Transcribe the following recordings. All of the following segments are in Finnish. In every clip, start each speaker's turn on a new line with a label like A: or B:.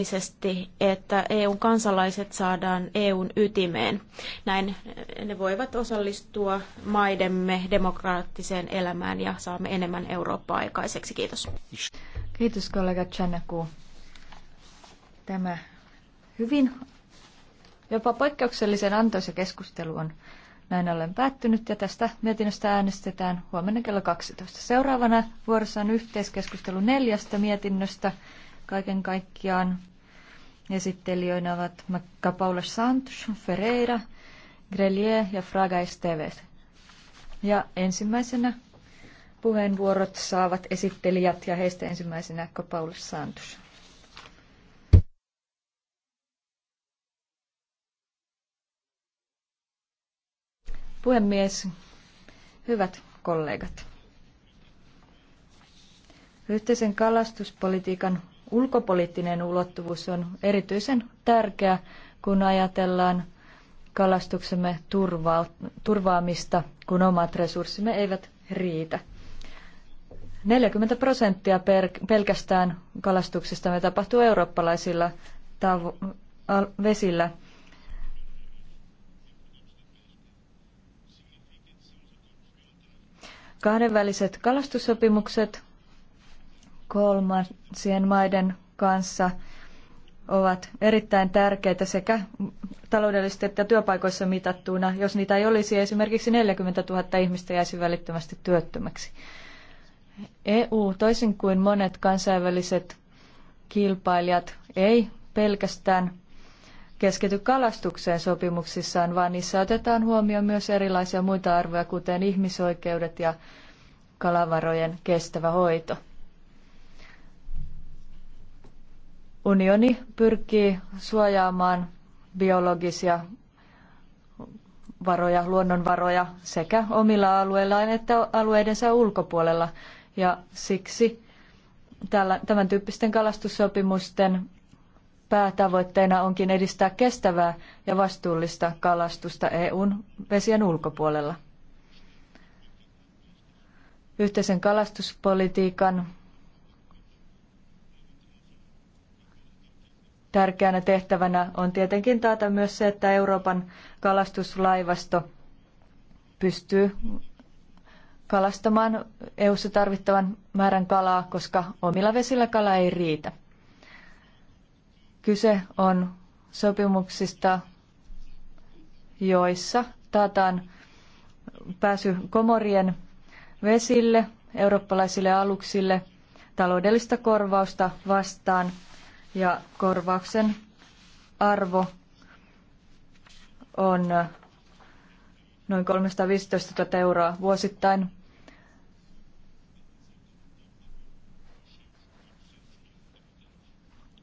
A: aktiivisesti, että EUn kansalaiset saadaan EUn ytimeen. Näin ne voivat osallistua maidemme demokraattiseen elämään ja saamme enemmän Eurooppaa aikaiseksi. Kiitos.
B: Kiitos kollega Chanaku. Tämä hyvin jopa poikkeuksellisen antoisa keskustelu on näin ollen päättynyt ja tästä mietinnöstä äänestetään huomenna kello 12. Seuraavana vuorossa on yhteiskeskustelu neljästä mietinnöstä kaiken kaikkiaan. Esittelijöinä ovat Macca Paula Santos, Ferreira, Grelier ja Fraga Esteves. Ja ensimmäisenä puheenvuorot saavat esittelijät ja heistä ensimmäisenä Paula Santos. Puhemies, hyvät kollegat. Yhteisen kalastuspolitiikan ulkopoliittinen ulottuvuus on erityisen tärkeä, kun ajatellaan kalastuksemme turvaa, turvaamista, kun omat resurssimme eivät riitä. 40 prosenttia per, pelkästään kalastuksesta me tapahtuu eurooppalaisilla tavo- al- vesillä. Kahdenväliset kalastussopimukset kolmansien maiden kanssa ovat erittäin tärkeitä sekä taloudellisesti että työpaikoissa mitattuna. Jos niitä ei olisi, esimerkiksi 40 000 ihmistä jäisi välittömästi työttömäksi. EU, toisin kuin monet kansainväliset kilpailijat, ei pelkästään keskity kalastukseen sopimuksissaan, vaan niissä otetaan huomioon myös erilaisia muita arvoja, kuten ihmisoikeudet ja kalavarojen kestävä hoito. Unioni pyrkii suojaamaan biologisia varoja, luonnonvaroja sekä omilla alueillaan että alueidensa ulkopuolella. Ja siksi tämän tyyppisten kalastussopimusten päätavoitteena onkin edistää kestävää ja vastuullista kalastusta EUn vesien ulkopuolella. Yhteisen kalastuspolitiikan tärkeänä tehtävänä on tietenkin taata myös se, että Euroopan kalastuslaivasto pystyy kalastamaan EU-ssa tarvittavan määrän kalaa, koska omilla vesillä kala ei riitä. Kyse on sopimuksista, joissa taataan pääsy komorien vesille, eurooppalaisille aluksille, taloudellista korvausta vastaan – ja korvauksen arvo on noin 315 000 euroa vuosittain.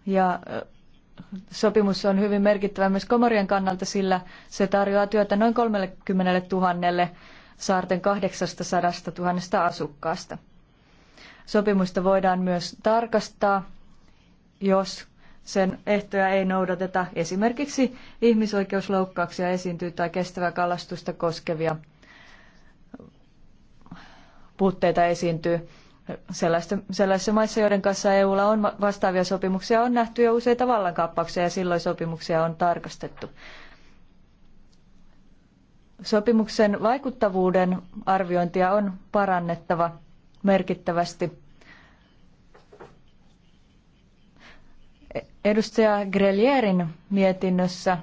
B: Ja sopimus on hyvin merkittävä myös Komorien kannalta, sillä se tarjoaa työtä noin 30 000 saarten 800 000 asukkaasta. Sopimusta voidaan myös tarkastaa jos sen ehtoja ei noudateta, esimerkiksi ihmisoikeusloukkauksia esiintyy tai kestävää kalastusta koskevia puutteita esiintyy. Sellaista, sellaisissa maissa, joiden kanssa EUlla on vastaavia sopimuksia, on nähty jo useita vallankaappauksia ja silloin sopimuksia on tarkastettu. Sopimuksen vaikuttavuuden arviointia on parannettava merkittävästi. Edustaja Grelierin mietinnössä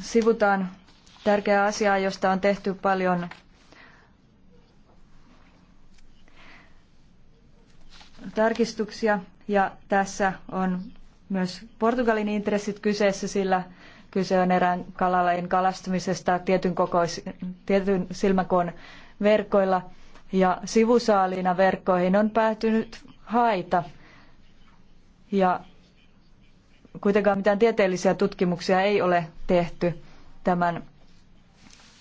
B: sivutaan tärkeää asiaa, josta on tehty paljon tarkistuksia ja tässä on myös Portugalin intressit kyseessä, sillä kyse on erään kalalajin kalastamisesta tietyn, kokois, tietyn silmäkoon verkoilla ja sivusaaliina verkkoihin on päätynyt haita. Ja kuitenkaan mitään tieteellisiä tutkimuksia ei ole tehty tämän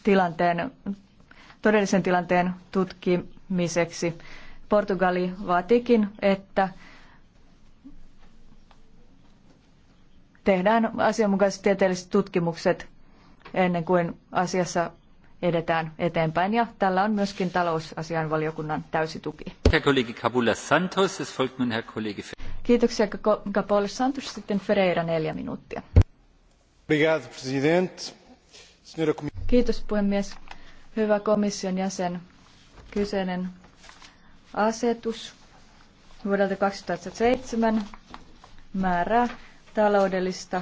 B: tilanteen, todellisen tilanteen tutkimiseksi. Portugali vaatikin, että tehdään asianmukaiset tieteelliset tutkimukset ennen kuin asiassa edetään eteenpäin ja tällä on myöskin talousasianvaliokunnan täysi tuki. Kiitoksia Capole Santos. Sitten Ferreira neljä minuuttia. Kiitos puhemies. Hyvä komission jäsen. Kyseinen asetus vuodelta 2007 määrää taloudellista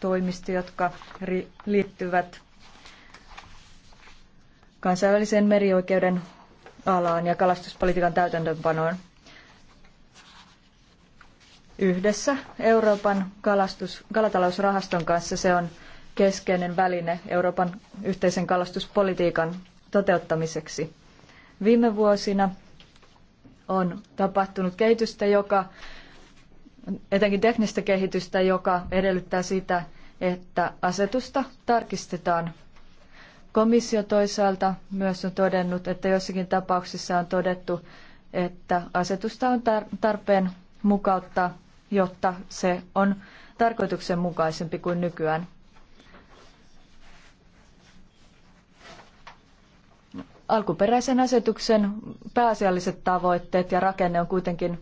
B: toimista, jotka liittyvät kansainvälisen merioikeuden alaan ja kalastuspolitiikan täytäntöönpanoon. Yhdessä Euroopan kalastus, kalatalousrahaston kanssa se on keskeinen väline Euroopan yhteisen kalastuspolitiikan toteuttamiseksi. Viime vuosina on tapahtunut kehitystä, joka, etenkin teknistä kehitystä, joka edellyttää sitä, että asetusta tarkistetaan Komissio toisaalta myös on todennut, että joissakin tapauksissa on todettu, että asetusta on tarpeen mukauttaa, jotta se on tarkoituksenmukaisempi kuin nykyään. Alkuperäisen asetuksen pääasialliset tavoitteet ja rakenne on kuitenkin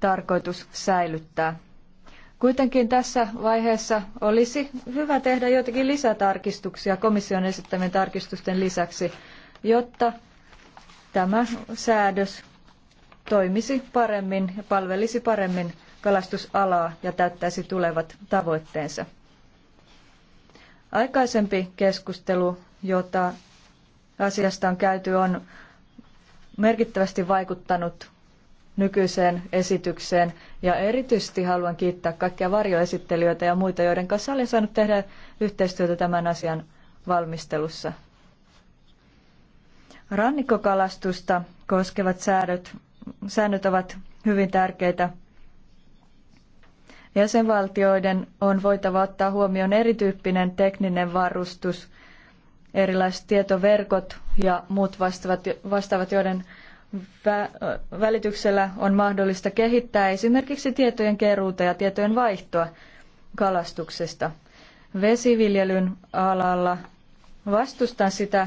B: tarkoitus säilyttää. Kuitenkin tässä vaiheessa olisi hyvä tehdä joitakin lisätarkistuksia komission esittämien tarkistusten lisäksi, jotta tämä säädös toimisi paremmin ja palvelisi paremmin kalastusalaa ja täyttäisi tulevat tavoitteensa. Aikaisempi keskustelu, jota asiasta on käyty, on merkittävästi vaikuttanut nykyiseen esitykseen ja erityisesti haluan kiittää kaikkia varjoesittelijöitä ja muita, joiden kanssa olen saanut tehdä yhteistyötä tämän asian valmistelussa. Rannikkokalastusta koskevat säädöt, säännöt ovat hyvin tärkeitä. Jäsenvaltioiden on voitava ottaa huomioon erityyppinen tekninen varustus, erilaiset tietoverkot ja muut vastaavat, vastaavat joiden välityksellä on mahdollista kehittää esimerkiksi tietojen keruuta ja tietojen vaihtoa kalastuksesta. Vesiviljelyn alalla vastustan sitä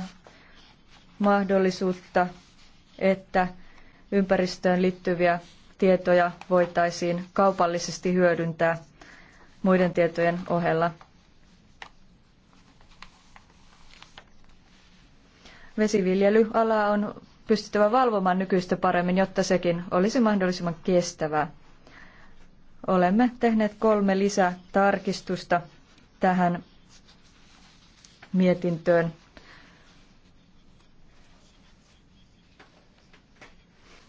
B: mahdollisuutta, että ympäristöön liittyviä tietoja voitaisiin kaupallisesti hyödyntää muiden tietojen ohella. Vesiviljelyala on pystyttävä valvomaan nykyistä paremmin, jotta sekin olisi mahdollisimman kestävää. Olemme tehneet kolme lisätarkistusta tähän mietintöön.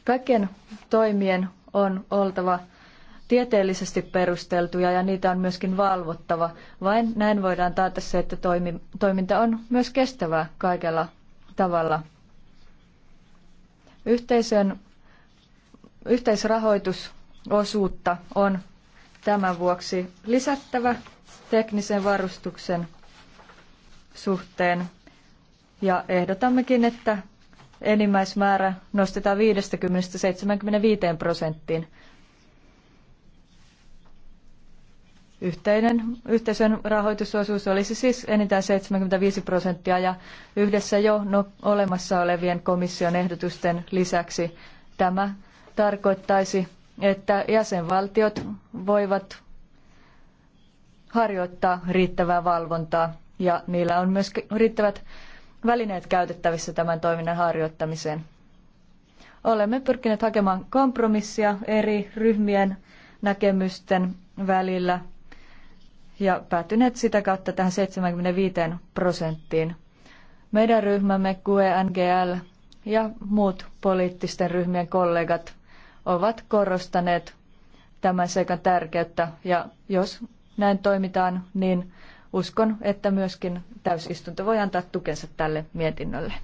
B: Kaikkien toimien on oltava tieteellisesti perusteltuja ja niitä on myöskin valvottava. Vain näin voidaan taata se, että toiminta on myös kestävää kaikella tavalla. Yhteisön yhteisrahoitusosuutta on tämän vuoksi lisättävä teknisen varustuksen suhteen ja ehdotammekin, että enimmäismäärä nostetaan 50-75 prosenttiin. Yhteinen yhteisön rahoitusosuus olisi siis enintään 75 prosenttia ja yhdessä jo no, olemassa olevien komission ehdotusten lisäksi tämä tarkoittaisi, että jäsenvaltiot voivat harjoittaa riittävää valvontaa ja niillä on myös riittävät välineet käytettävissä tämän toiminnan harjoittamiseen. Olemme pyrkineet hakemaan kompromissia eri ryhmien näkemysten välillä ja päätyneet sitä kautta tähän 75 prosenttiin. Meidän ryhmämme QENGL ja muut poliittisten ryhmien kollegat ovat korostaneet tämän seikan tärkeyttä ja jos näin toimitaan, niin uskon, että myöskin täysistunto voi antaa tukensa tälle mietinnölle.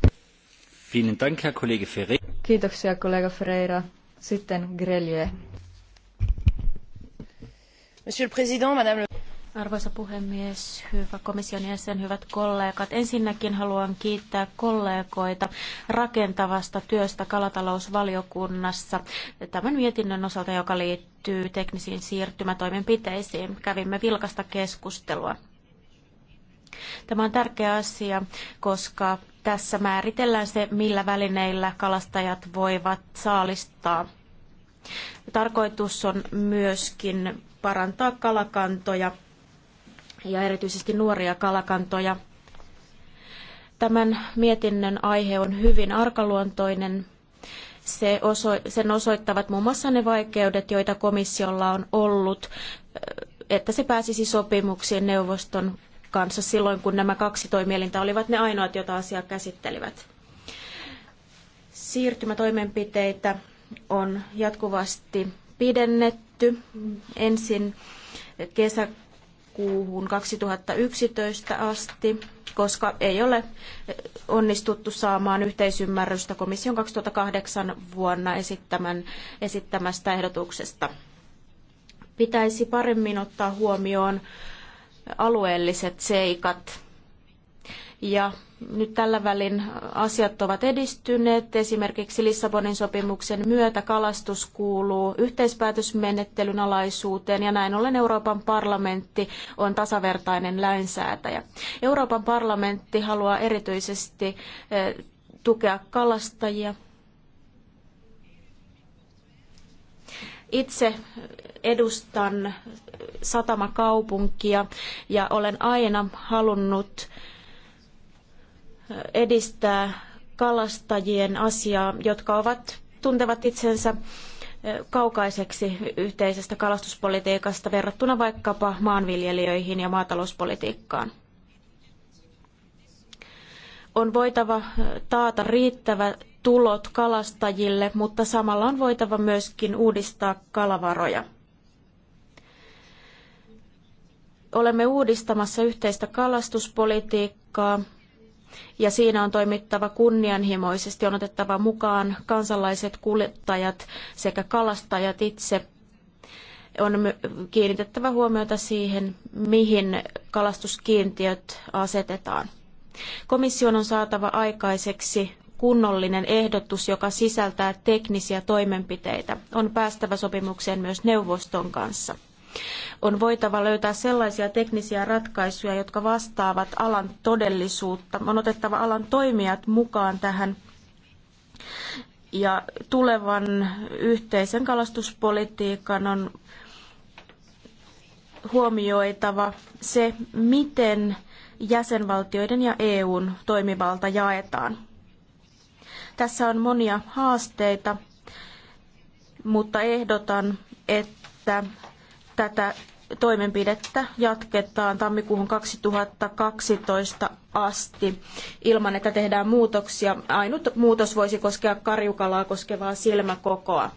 B: Kiitoksia kollega Ferreira. Sitten Grelier.
A: Monsieur le Président, Madame le... Arvoisa puhemies, hyvä komission jäsen, hyvät kollegat. Ensinnäkin haluan kiittää kollegoita rakentavasta työstä kalatalousvaliokunnassa tämän mietinnön osalta, joka liittyy teknisiin siirtymätoimenpiteisiin. Kävimme vilkasta keskustelua. Tämä on tärkeä asia, koska tässä määritellään se, millä välineillä kalastajat voivat saalistaa. Tarkoitus on myöskin parantaa kalakantoja ja erityisesti nuoria kalakantoja. Tämän mietinnön aihe on hyvin arkaluontoinen. Se sen osoittavat muun muassa ne vaikeudet, joita komissiolla on ollut, että se pääsisi sopimuksiin neuvoston kanssa silloin, kun nämä kaksi toimielintä olivat ne ainoat, joita asia käsittelivät. Siirtymätoimenpiteitä on jatkuvasti pidennetty. Ensin kesä, kuuhun 2011 asti, koska ei ole onnistuttu saamaan yhteisymmärrystä komission 2008 vuonna esittämän, esittämästä ehdotuksesta. Pitäisi paremmin ottaa huomioon alueelliset seikat ja nyt tällä välin asiat ovat edistyneet. Esimerkiksi Lissabonin sopimuksen myötä kalastus kuuluu yhteispäätösmenettelyn alaisuuteen ja näin ollen Euroopan parlamentti on tasavertainen lainsäätäjä. Euroopan parlamentti haluaa erityisesti eh, tukea kalastajia. Itse edustan satamakaupunkia ja olen aina halunnut edistää kalastajien asiaa, jotka ovat, tuntevat itsensä eh, kaukaiseksi yhteisestä kalastuspolitiikasta verrattuna vaikkapa maanviljelijöihin ja maatalouspolitiikkaan. On voitava eh, taata riittävä tulot kalastajille, mutta samalla on voitava myöskin uudistaa kalavaroja. Olemme uudistamassa yhteistä kalastuspolitiikkaa ja siinä on toimittava kunnianhimoisesti, on otettava mukaan kansalaiset, kuljettajat sekä kalastajat itse. On kiinnitettävä huomiota siihen, mihin kalastuskiintiöt asetetaan. Komission on saatava aikaiseksi kunnollinen ehdotus, joka sisältää teknisiä toimenpiteitä. On päästävä sopimukseen myös neuvoston kanssa. On voitava löytää sellaisia teknisiä ratkaisuja, jotka vastaavat alan todellisuutta. On otettava alan toimijat mukaan tähän ja tulevan yhteisen kalastuspolitiikan on huomioitava se, miten jäsenvaltioiden ja EUn toimivalta jaetaan. Tässä on monia haasteita, mutta ehdotan, että tätä toimenpidettä jatketaan tammikuuhun 2012 asti ilman, että tehdään muutoksia. Ainut muutos voisi koskea karjukalaa koskevaa silmäkokoa.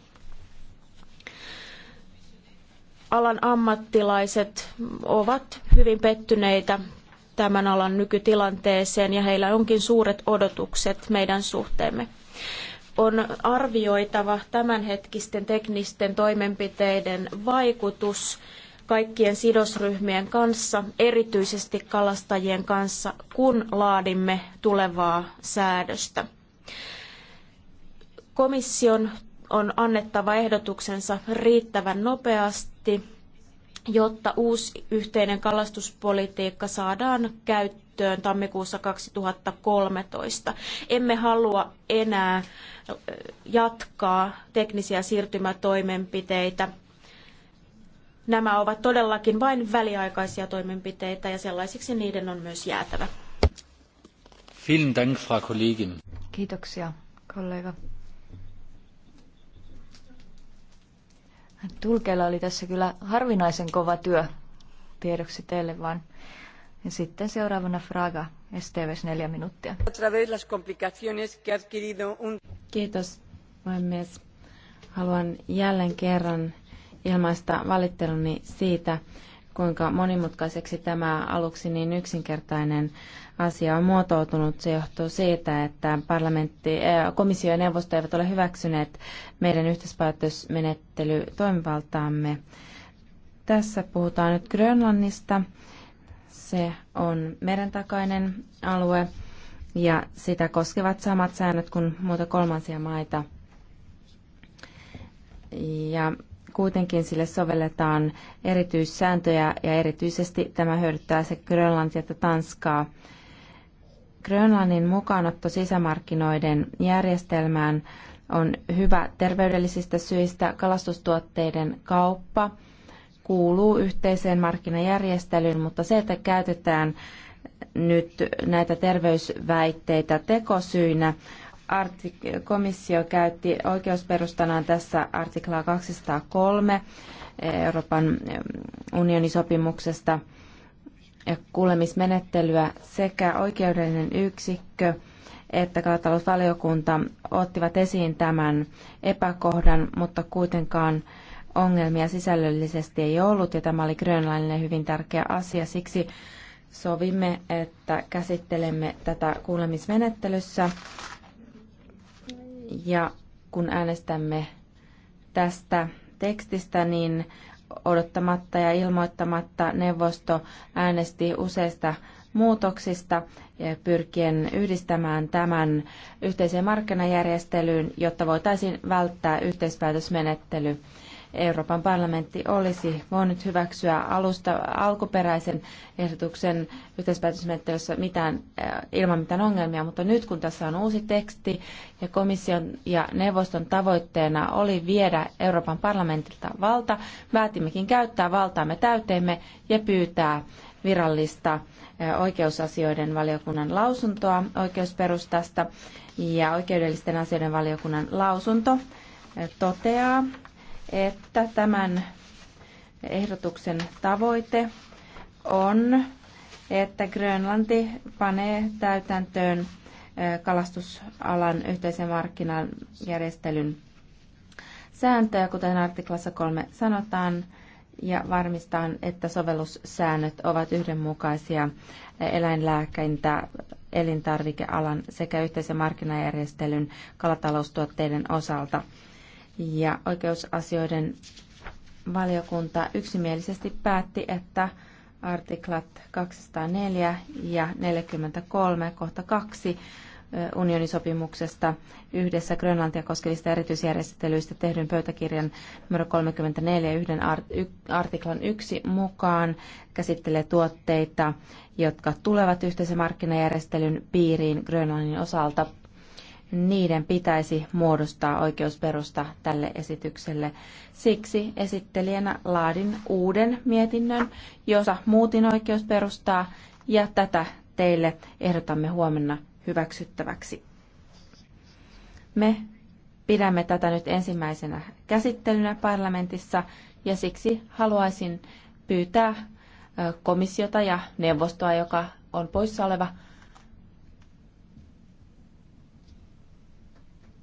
A: Alan ammattilaiset ovat hyvin pettyneitä tämän alan nykytilanteeseen ja heillä onkin suuret odotukset meidän suhteemme on arvioitava tämänhetkisten teknisten toimenpiteiden vaikutus kaikkien sidosryhmien kanssa, erityisesti kalastajien kanssa, kun laadimme tulevaa säädöstä. Komission on annettava ehdotuksensa riittävän nopeasti jotta uusi yhteinen kalastuspolitiikka saadaan käyttöön tammikuussa 2013. Emme halua enää jatkaa teknisiä siirtymätoimenpiteitä. Nämä ovat todellakin vain väliaikaisia toimenpiteitä ja sellaisiksi niiden on myös jäätävä.
C: Vielen Dank, Frau Kollegin.
B: Kiitoksia, kollega. Tulkeilla oli tässä kyllä harvinaisen kova työ tiedoksi teille vaan. Ja sitten seuraavana Fraga, STVs neljä minuuttia. Kiitos, puhemies.
D: Haluan jälleen kerran ilmaista valitteluni siitä, kuinka monimutkaiseksi tämä aluksi niin yksinkertainen asia on muotoutunut. Se johtuu siitä, että parlamentti, eh, komissio ja neuvosto eivät ole hyväksyneet meidän yhteispäätösmenettely toimivaltaamme. Tässä puhutaan nyt Grönlannista. Se on meren takainen alue ja sitä koskevat samat säännöt kuin muuta kolmansia maita. Ja kuitenkin sille sovelletaan erityissääntöjä ja erityisesti tämä hyödyttää se Grönlantia että Tanskaa. Grönlannin mukaanotto sisämarkkinoiden järjestelmään on hyvä terveydellisistä syistä. Kalastustuotteiden kauppa kuuluu yhteiseen markkinajärjestelyyn, mutta se, että käytetään nyt näitä terveysväitteitä tekosyinä, Artik- komissio käytti oikeusperustanaan tässä artiklaa 203 Euroopan eh, unionin sopimuksesta – kuulemismenettelyä sekä oikeudellinen yksikkö että kalatalousvaliokunta ottivat esiin tämän epäkohdan, mutta kuitenkaan ongelmia sisällöllisesti ei ollut ja tämä oli grönlainille hyvin tärkeä asia. Siksi sovimme, että käsittelemme tätä kuulemismenettelyssä ja kun äänestämme tästä tekstistä, niin odottamatta ja ilmoittamatta neuvosto äänesti useista muutoksista pyrkien yhdistämään tämän yhteiseen markkinajärjestelyyn, jotta voitaisiin välttää yhteispäätösmenettely. Euroopan parlamentti olisi voinut hyväksyä alusta alkuperäisen ehdotuksen yhteispäätösmenettelyssä mitään, äh, ilman mitään ongelmia, mutta nyt kun tässä on uusi teksti ja komission ja neuvoston tavoitteena oli viedä Euroopan parlamentilta valta, päätimmekin käyttää valtaamme täyteemme ja pyytää virallista äh, oikeusasioiden valiokunnan lausuntoa oikeusperustasta ja oikeudellisten asioiden valiokunnan lausunto äh, toteaa, että tämän ehdotuksen tavoite on, että Grönlanti panee täytäntöön kalastusalan yhteisen markkinan järjestelyn sääntöjä, kuten artiklassa 3 sanotaan, ja varmistaa, että sovellussäännöt ovat yhdenmukaisia eläinlääkintä, elintarvikealan sekä yhteisen markkinajärjestelyn kalataloustuotteiden osalta – ja oikeusasioiden valiokunta yksimielisesti päätti, että artiklat 204 ja 43 kohta 2 unionisopimuksesta yhdessä Grönlantia koskevista erityisjärjestelyistä tehdyn pöytäkirjan numero 34 yhden artiklan 1 mukaan käsittelee tuotteita, jotka tulevat yhteisen markkinajärjestelyn piiriin Grönlannin osalta niiden pitäisi muodostaa oikeusperusta tälle esitykselle. Siksi esittelijänä laadin uuden mietinnön, jossa muutin oikeusperustaa ja tätä teille ehdotamme huomenna hyväksyttäväksi. Me pidämme tätä nyt ensimmäisenä käsittelynä parlamentissa ja siksi haluaisin pyytää komissiota ja neuvostoa, joka on poissa oleva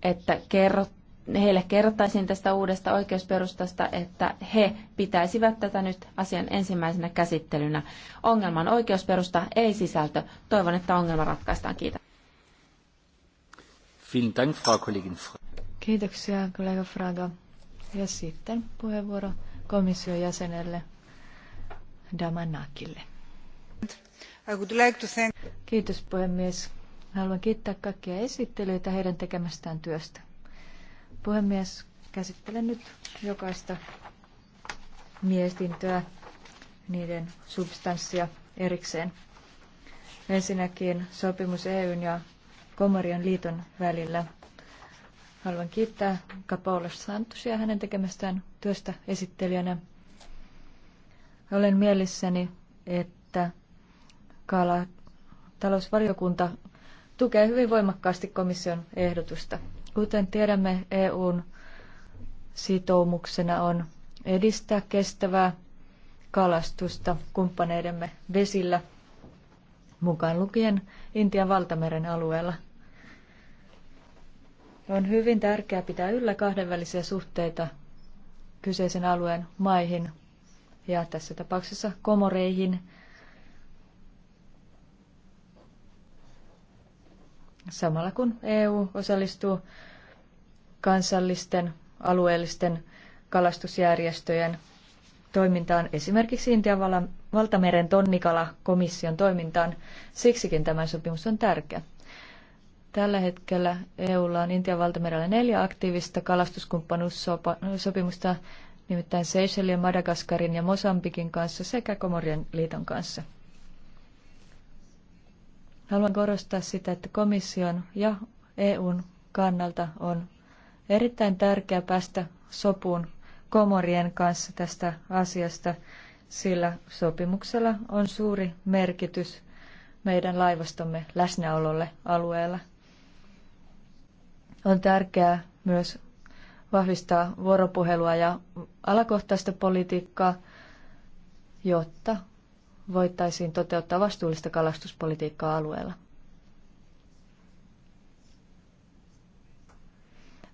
D: että kerrot, heille kerrottaisiin tästä uudesta oikeusperustasta, että he pitäisivät tätä nyt asian ensimmäisenä käsittelynä. Ongelman oikeusperusta ei sisältö. Toivon, että ongelma ratkaistaan. Kiitos.
B: Kiitoksia, kollega Fraga. Ja sitten puheenvuoro komission jäsenelle Damanakille. Kiitos puhemies. Haluan kiittää kaikkia esittelyitä heidän tekemästään työstä. Puhemies, käsittelen nyt jokaista mietintöä, niiden substanssia erikseen. Ensinnäkin sopimus EUn ja Komorian liiton välillä. Haluan kiittää Kapaula Santusia hänen tekemästään työstä esittelijänä. Olen mielissäni, että kala talousvaliokunta tukee hyvin voimakkaasti komission ehdotusta. Kuten tiedämme, EUn sitoumuksena on edistää kestävää kalastusta kumppaneidemme vesillä, mukaan lukien Intian valtameren alueella. On hyvin tärkeää pitää yllä kahdenvälisiä suhteita kyseisen alueen maihin ja tässä tapauksessa komoreihin – samalla kun EU osallistuu kansallisten, alueellisten kalastusjärjestöjen toimintaan, esimerkiksi Intian valtameren tonnikala komission toimintaan. Siksikin tämä sopimus on tärkeä. Tällä hetkellä EUlla on Intian valtamerellä neljä aktiivista kalastuskumppanuussopimusta, nimittäin Seychellien, Madagaskarin ja Mosambikin kanssa sekä Komorien liiton kanssa. Haluan korostaa sitä, että komission ja EUn kannalta on erittäin tärkeää päästä sopuun komorien kanssa tästä asiasta, sillä sopimuksella on suuri merkitys meidän laivastomme läsnäololle alueella. On tärkeää myös vahvistaa vuoropuhelua ja alakohtaista politiikkaa, jotta voitaisiin toteuttaa vastuullista kalastuspolitiikkaa alueella.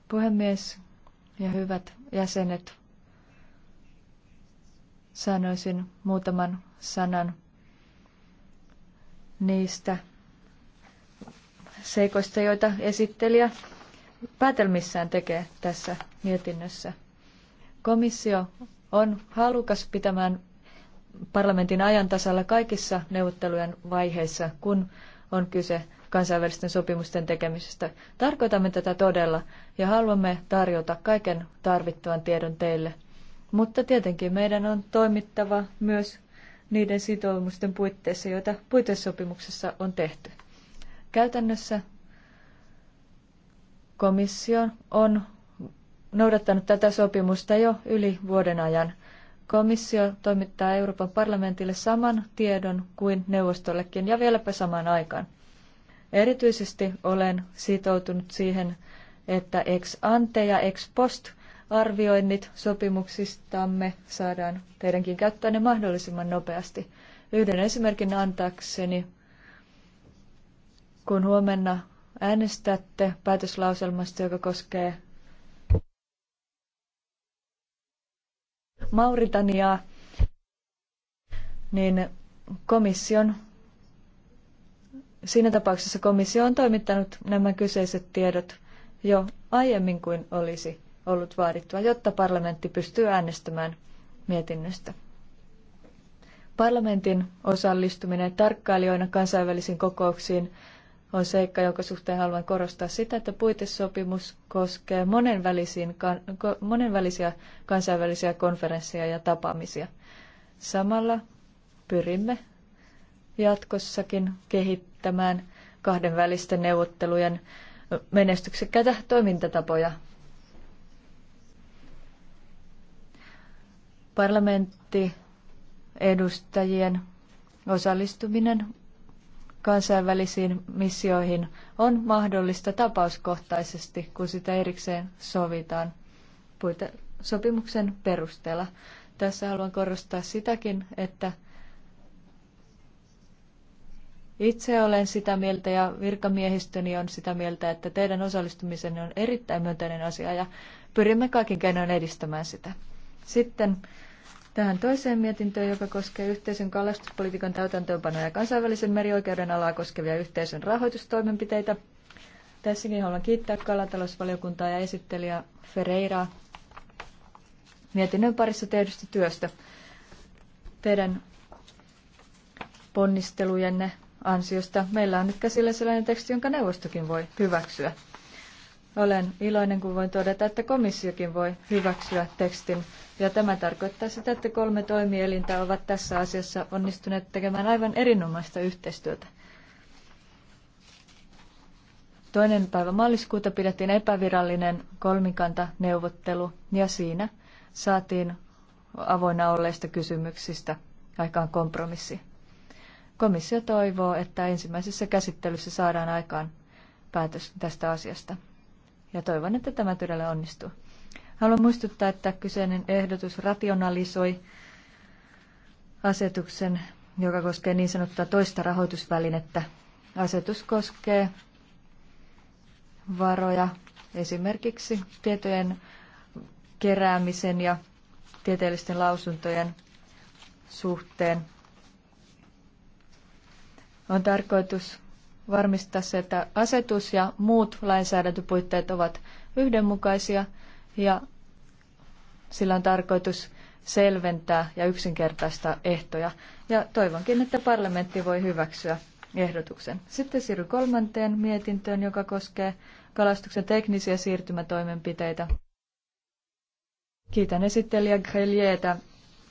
B: Puhemies ja hyvät jäsenet, sanoisin muutaman sanan niistä seikoista, joita esittelijä päätelmissään tekee tässä mietinnössä. Komissio on halukas pitämään parlamentin ajan tasalla kaikissa neuvottelujen vaiheissa, kun on kyse kansainvälisten sopimusten tekemisestä. Tarkoitamme tätä todella ja haluamme tarjota kaiken tarvittavan tiedon teille. Mutta tietenkin meidän on toimittava myös niiden sitoumusten puitteissa, joita puitesopimuksessa on tehty. Käytännössä komissio on noudattanut tätä sopimusta jo yli vuoden ajan – Komissio toimittaa Euroopan parlamentille saman tiedon kuin neuvostollekin ja vieläpä samaan aikaan. Erityisesti olen sitoutunut siihen, että ex ante ja ex post arvioinnit sopimuksistamme saadaan teidänkin käyttöönne mahdollisimman nopeasti. Yhden esimerkin antaakseni, kun huomenna äänestätte päätöslauselmasta, joka koskee Mauritaniaa, niin komission, siinä tapauksessa komissio on toimittanut nämä kyseiset tiedot jo aiemmin kuin olisi ollut vaadittua, jotta parlamentti pystyy äänestämään mietinnöstä. Parlamentin osallistuminen tarkkailijoina kansainvälisiin kokouksiin on seikka, jonka suhteen haluan korostaa sitä, että puitesopimus koskee monenvälisiä kansainvälisiä konferensseja ja tapaamisia. Samalla pyrimme jatkossakin kehittämään kahdenvälisten neuvottelujen menestyksekkäitä toimintatapoja. Parlamentti edustajien osallistuminen kansainvälisiin missioihin on mahdollista tapauskohtaisesti, kun sitä erikseen sovitaan puite- sopimuksen perusteella. Tässä haluan korostaa sitäkin, että itse olen sitä mieltä ja virkamiehistöni on sitä mieltä, että teidän osallistumisenne on erittäin myönteinen asia ja pyrimme kaikin keinoin edistämään sitä. Sitten tähän toiseen mietintöön, joka koskee yhteisen kalastuspolitiikan täytäntöönpanoa ja kansainvälisen merioikeuden alaa koskevia yhteisön rahoitustoimenpiteitä. Tässäkin haluan kiittää kalatalousvaliokuntaa ja esittelijä Ferreiraa mietinnön parissa tehdystä työstä. Teidän ponnistelujenne ansiosta meillä on nyt käsillä sellainen teksti, jonka neuvostokin voi hyväksyä. Olen iloinen, kun voin todeta, että komissiokin voi hyväksyä tekstin. Ja tämä tarkoittaa sitä, että kolme toimielintä ovat tässä asiassa onnistuneet tekemään aivan erinomaista yhteistyötä. Toinen päivä maaliskuuta pidettiin epävirallinen kolmikantaneuvottelu ja siinä saatiin avoinna olleista kysymyksistä aikaan kompromissi. Komissio toivoo, että ensimmäisessä käsittelyssä saadaan aikaan päätös tästä asiasta ja toivon, että tämä todella onnistuu. Haluan muistuttaa, että kyseinen ehdotus rationalisoi asetuksen, joka koskee niin sanottua toista rahoitusvälinettä. Asetus koskee varoja esimerkiksi tietojen keräämisen ja tieteellisten lausuntojen suhteen. On tarkoitus varmistaa se, että asetus ja muut lainsäädäntöpuitteet ovat yhdenmukaisia ja sillä on tarkoitus selventää ja yksinkertaistaa ehtoja. Ja toivonkin, että parlamentti voi hyväksyä ehdotuksen. Sitten siirry kolmanteen mietintöön, joka koskee kalastuksen teknisiä siirtymätoimenpiteitä. Kiitän esittelijä Grelietä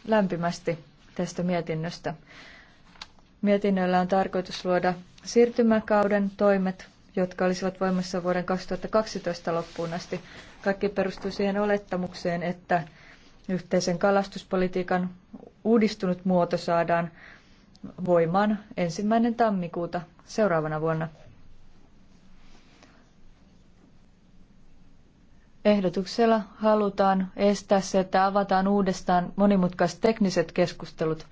B: lämpimästi tästä mietinnöstä. Mietinnöllä on tarkoitus luoda siirtymäkauden toimet, jotka olisivat voimassa vuoden 2012 loppuun asti. Kaikki perustuu siihen olettamukseen, että yhteisen kalastuspolitiikan uudistunut muoto saadaan voimaan ensimmäinen tammikuuta seuraavana vuonna. Ehdotuksella halutaan estää se, että avataan uudestaan monimutkaiset tekniset keskustelut –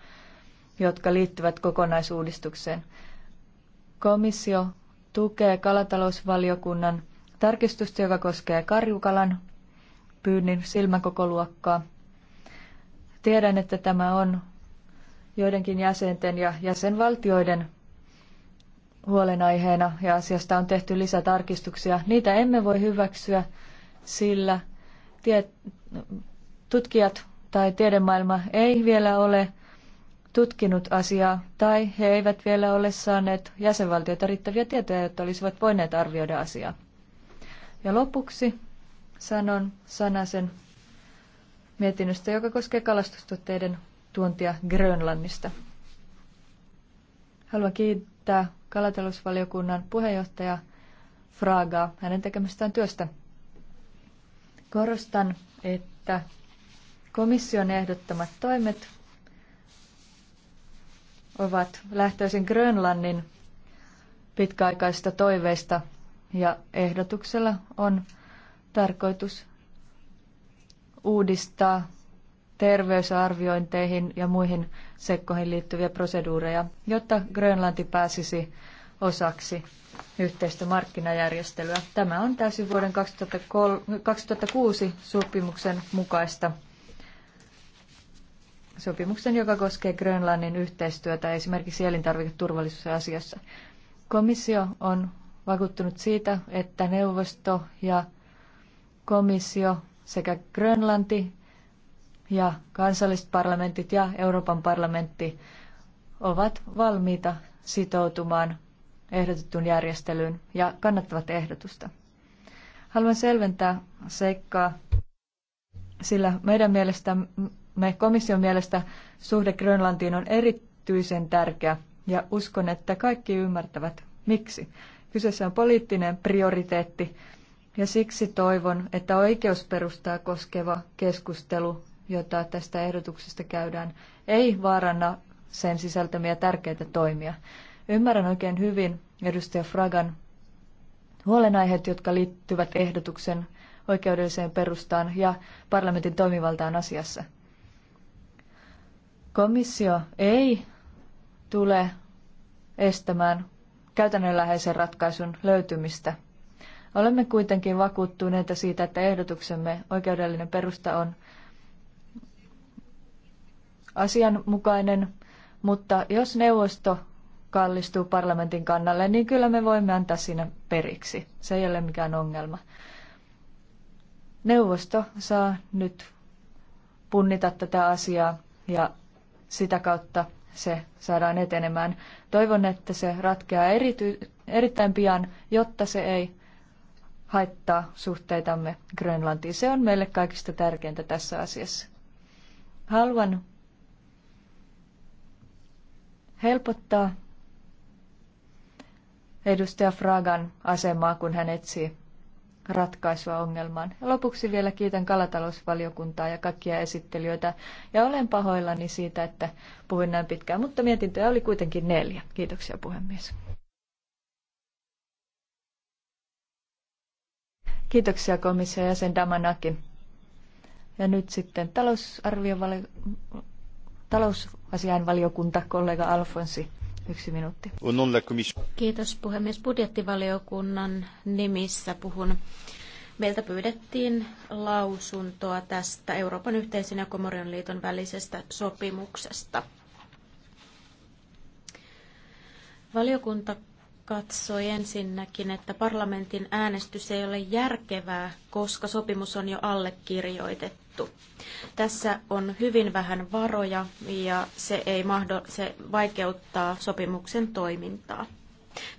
B: jotka liittyvät kokonaisuudistukseen. Komissio tukee kalatalousvaliokunnan tarkistusta, joka koskee karjukalan pyynnin silmäkokoluokkaa. Tiedän, että tämä on joidenkin jäsenten ja jäsenvaltioiden huolenaiheena ja asiasta on tehty lisätarkistuksia. Niitä emme voi hyväksyä, sillä tie- tutkijat tai tiedemaailma ei vielä ole tutkinut asiaa tai he eivät vielä ole saaneet jäsenvaltioita riittäviä tietoja, jotta olisivat voineet arvioida asiaa. Ja lopuksi sanon sanasen mietinnöstä, joka koskee kalastustuotteiden tuontia Grönlannista. Haluan kiittää kalatalousvaliokunnan puheenjohtaja Fragaa hänen tekemästään työstä. Korostan, että komission ehdottamat toimet ovat lähtöisin Grönlannin pitkäaikaisista toiveista ja ehdotuksella on tarkoitus uudistaa terveysarviointeihin ja muihin sekkoihin liittyviä proseduureja, jotta Grönlanti pääsisi osaksi yhteistä markkinajärjestelyä. Tämä on täysin vuoden 2006 sopimuksen mukaista sopimuksen, joka koskee Grönlannin yhteistyötä esimerkiksi elintarviketurvallisuusasiassa. Komissio on vakuuttunut siitä, että neuvosto ja komissio sekä Grönlanti ja kansalliset parlamentit ja Euroopan parlamentti ovat valmiita sitoutumaan ehdotettuun järjestelyyn ja kannattavat ehdotusta. Haluan selventää seikkaa, sillä meidän mielestämme me komission mielestä suhde Grönlantiin on erityisen tärkeä ja uskon, että kaikki ymmärtävät miksi. Kyseessä on poliittinen prioriteetti ja siksi toivon, että oikeusperustaa koskeva keskustelu, jota tästä ehdotuksesta käydään, ei vaaranna sen sisältämiä tärkeitä toimia. Ymmärrän oikein hyvin edustaja Fragan huolenaiheet, jotka liittyvät ehdotuksen oikeudelliseen perustaan ja parlamentin toimivaltaan asiassa. Komissio ei tule estämään käytännönläheisen ratkaisun löytymistä. Olemme kuitenkin vakuuttuneita siitä, että ehdotuksemme oikeudellinen perusta on asianmukainen, mutta jos neuvosto kallistuu parlamentin kannalle, niin kyllä me voimme antaa siinä periksi. Se ei ole mikään ongelma. Neuvosto saa nyt punnita tätä asiaa ja sitä kautta se saadaan etenemään. Toivon, että se ratkeaa erity- erittäin pian, jotta se ei haittaa suhteitamme Grönlantiin. Se on meille kaikista tärkeintä tässä asiassa. Haluan helpottaa edustaja Fragan asemaa, kun hän etsii ratkaisua ongelmaan. Ja lopuksi vielä kiitän kalatalousvaliokuntaa ja kaikkia esittelijöitä ja olen pahoillani siitä, että puhuin näin pitkään, mutta mietintöjä oli kuitenkin neljä. Kiitoksia puhemies. Kiitoksia komissio jäsen Damanaki. Ja nyt sitten talousarviovali talousasianvaliokunta, kollega Alfonsi. Yksi minuutti. Kiitos puhemies. Budjettivaliokunnan
A: nimissä puhun. Meiltä pyydettiin lausuntoa tästä Euroopan yhteisön ja Komorion liiton välisestä sopimuksesta. Valiokunta katsoi ensinnäkin, että parlamentin äänestys ei ole järkevää, koska sopimus on jo allekirjoitettu. Tässä on hyvin vähän varoja ja se, ei mahdo, se vaikeuttaa sopimuksen toimintaa.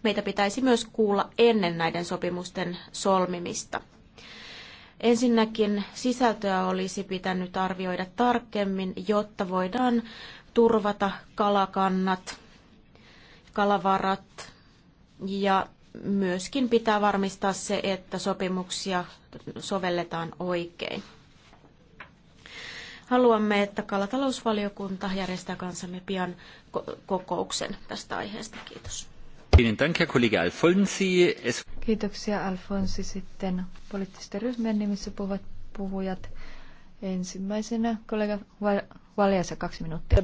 A: Meitä pitäisi myös kuulla ennen näiden sopimusten solmimista. Ensinnäkin sisältöä olisi pitänyt arvioida tarkemmin, jotta voidaan turvata kalakannat, kalavarat ja myöskin pitää varmistaa se, että sopimuksia sovelletaan oikein. Haluamme, että kalatalousvaliokunta järjestää kanssamme pian
C: kokouksen tästä aiheesta. Kiitos.
B: Kiitoksia Alfonsi. Sitten poliittisten ryhmien nimissä puhuvat puhujat. Ensimmäisenä kollega Valjassa kaksi
A: minuuttia.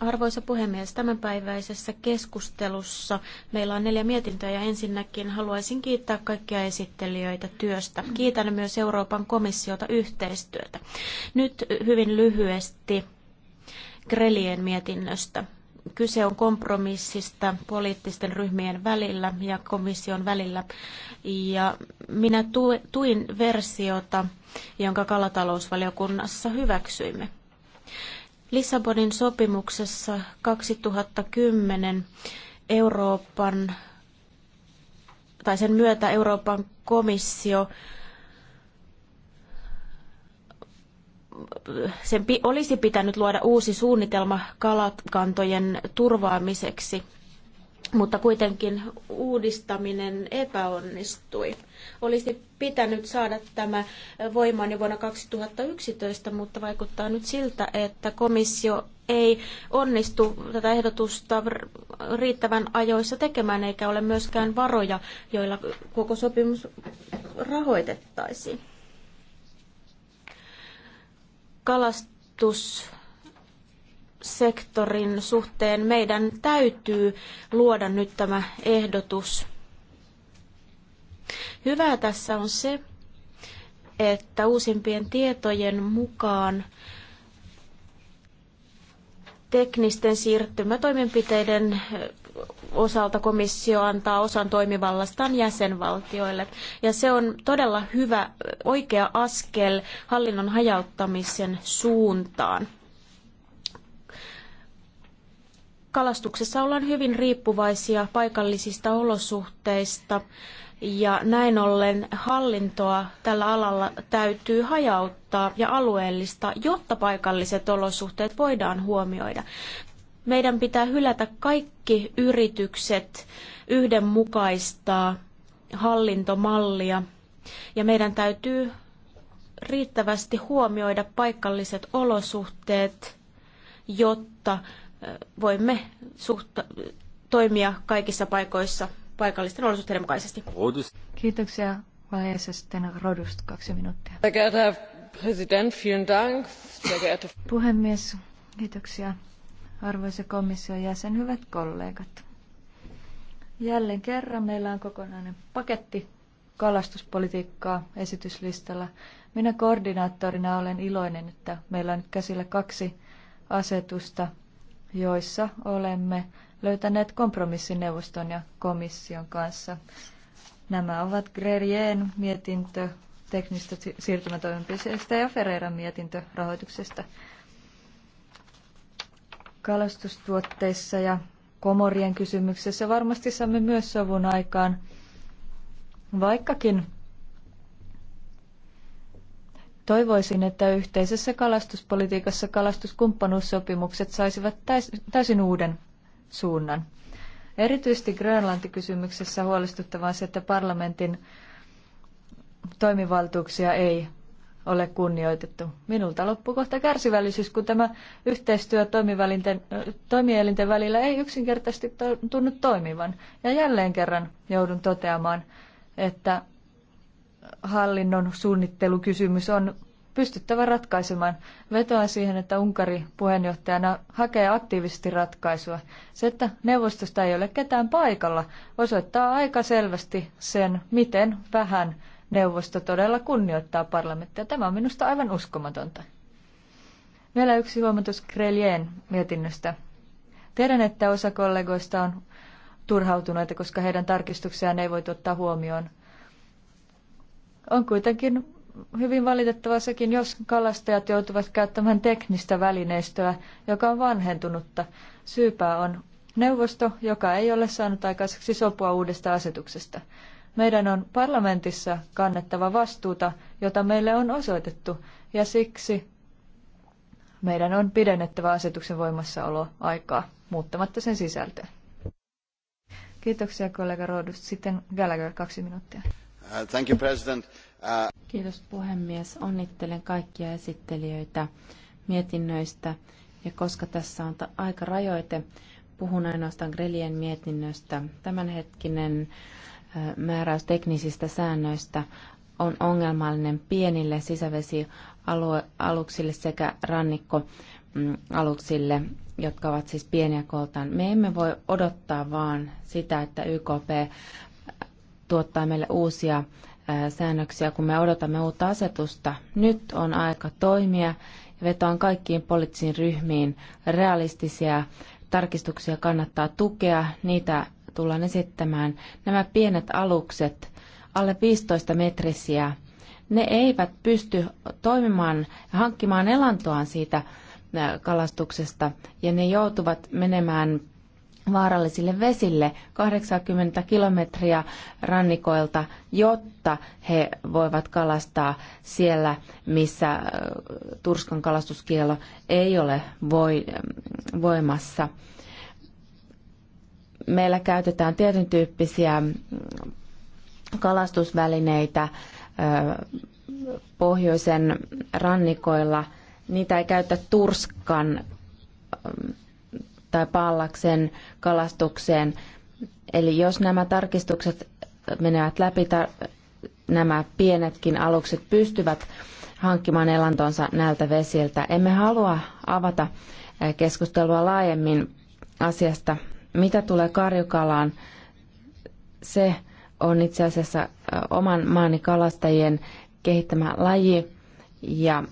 A: Arvoisa puhemies, tämänpäiväisessä keskustelussa meillä on neljä mietintöä ja ensinnäkin haluaisin kiittää kaikkia esittelijöitä työstä. Kiitän myös Euroopan komissiota yhteistyötä. Nyt hyvin lyhyesti Grelien mietinnöstä. Kyse on kompromissista poliittisten ryhmien välillä ja komission välillä. Ja minä tuin versiota, jonka kalatalousvaliokunnassa hyväksyimme. Lissabonin sopimuksessa 2010 Euroopan tai sen myötä Euroopan komissio sen olisi pitänyt luoda uusi suunnitelma kalakantojen turvaamiseksi, mutta kuitenkin uudistaminen epäonnistui olisi pitänyt saada tämä voimaan jo vuonna 2011, mutta vaikuttaa nyt siltä, että komissio ei onnistu tätä ehdotusta riittävän ajoissa tekemään, eikä ole myöskään varoja, joilla koko sopimus rahoitettaisiin. Kalastus sektorin suhteen meidän täytyy luoda nyt tämä ehdotus Hyvää tässä on se, että uusimpien tietojen mukaan teknisten siirtymätoimenpiteiden eh, osalta komissio antaa osan toimivallastaan jäsenvaltioille. Ja se on todella hyvä, eh, oikea askel hallinnon hajauttamisen suuntaan. Kalastuksessa ollaan hyvin riippuvaisia paikallisista olosuhteista ja näin ollen hallintoa tällä alalla täytyy hajauttaa ja alueellista, jotta paikalliset olosuhteet voidaan huomioida. Meidän pitää hylätä kaikki yritykset yhdenmukaistaa hallintomallia ja meidän täytyy riittävästi huomioida paikalliset olosuhteet, jotta voimme suhta- toimia kaikissa paikoissa paikallisten olosuhteiden
C: mukaisesti.
B: Kiitoksia. Vaiheessa sitten Rodust kaksi minuuttia. Puhemies, kiitoksia. Arvoisa komission jäsen, hyvät kollegat. Jälleen kerran meillä on kokonainen paketti kalastuspolitiikkaa esityslistalla. Minä koordinaattorina olen iloinen, että meillä on nyt käsillä kaksi asetusta, joissa olemme löytäneet kompromissin neuvoston ja komission kanssa. Nämä ovat Grerien mietintö teknistä siirtymätoimenpiteistä ja Ferreiran mietintö rahoituksesta. Kalastustuotteissa ja komorien kysymyksessä varmasti saamme myös sovun aikaan, vaikkakin Toivoisin, että yhteisessä kalastuspolitiikassa kalastuskumppanuussopimukset saisivat täysin uuden suunnan. Erityisesti Grönlanti-kysymyksessä huolestuttavaa on se, että parlamentin toimivaltuuksia ei ole kunnioitettu. Minulta loppuu kohta kärsivällisyys, kun tämä yhteistyö toimielinten välillä ei yksinkertaisesti tunnu toimivan. Ja jälleen kerran joudun toteamaan, että hallinnon suunnittelukysymys on pystyttävä ratkaisemaan. Vetoan siihen, että Unkari puheenjohtajana hakee aktiivisesti ratkaisua. Se, että neuvostosta ei ole ketään paikalla, osoittaa aika selvästi sen, miten vähän neuvosto todella kunnioittaa parlamenttia. Tämä on minusta aivan uskomatonta. Vielä yksi huomatus Krelien mietinnöstä. Tiedän, että osa kollegoista on turhautuneita, koska heidän tarkistuksiaan ei voi ottaa huomioon. On kuitenkin hyvin valitettava sekin, jos kalastajat joutuvat käyttämään teknistä välineistöä, joka on vanhentunutta. Syypää on neuvosto, joka ei ole saanut aikaiseksi sopua uudesta asetuksesta. Meidän on parlamentissa kannettava vastuuta, jota meille on osoitettu, ja siksi meidän on pidennettävä asetuksen voimassaoloaikaa muuttamatta sen sisältöä. Kiitoksia kollega Rodus. Sitten Gallagher kaksi minuuttia.
C: Uh, thank you, President.
B: Kiitos puhemies. Onnittelen
D: kaikkia esittelijöitä mietinnöistä. Ja koska tässä on aika rajoite, puhun ainoastaan Grelien mietinnöstä. Tämänhetkinen määräys teknisistä säännöistä on ongelmallinen pienille sisävesialuksille sekä rannikkoaluksille, mm, jotka ovat siis pieniä kooltaan. Me emme voi odottaa vaan sitä, että YKP tuottaa meille uusia säännöksiä, kun me odotamme uutta asetusta. Nyt on aika toimia ja vetoan kaikkiin poliittisiin ryhmiin. Realistisia tarkistuksia kannattaa tukea, niitä tullaan esittämään. Nämä pienet alukset, alle 15 metrisiä, ne eivät pysty toimimaan ja hankkimaan elantoaan siitä kalastuksesta ja ne joutuvat menemään vaarallisille vesille 80 kilometriä rannikoilta, jotta he voivat kalastaa siellä, missä äh, Turskan kalastuskielo ei ole mm, voimassa. Meillä käytetään tietyn tyyppisiä mm, kalastusvälineitä äh, pohjoisen rannikoilla. Niitä ei käytä Turskan mm, tai pallaksen kalastukseen. Eli jos nämä tarkistukset menevät läpi, nämä pienetkin alukset pystyvät hankkimaan elantonsa näiltä vesiltä. Emme halua avata eh, keskustelua laajemmin asiasta. Mitä tulee karjukalaan, se on itse asiassa eh, oman maani kalastajien kehittämä laji ja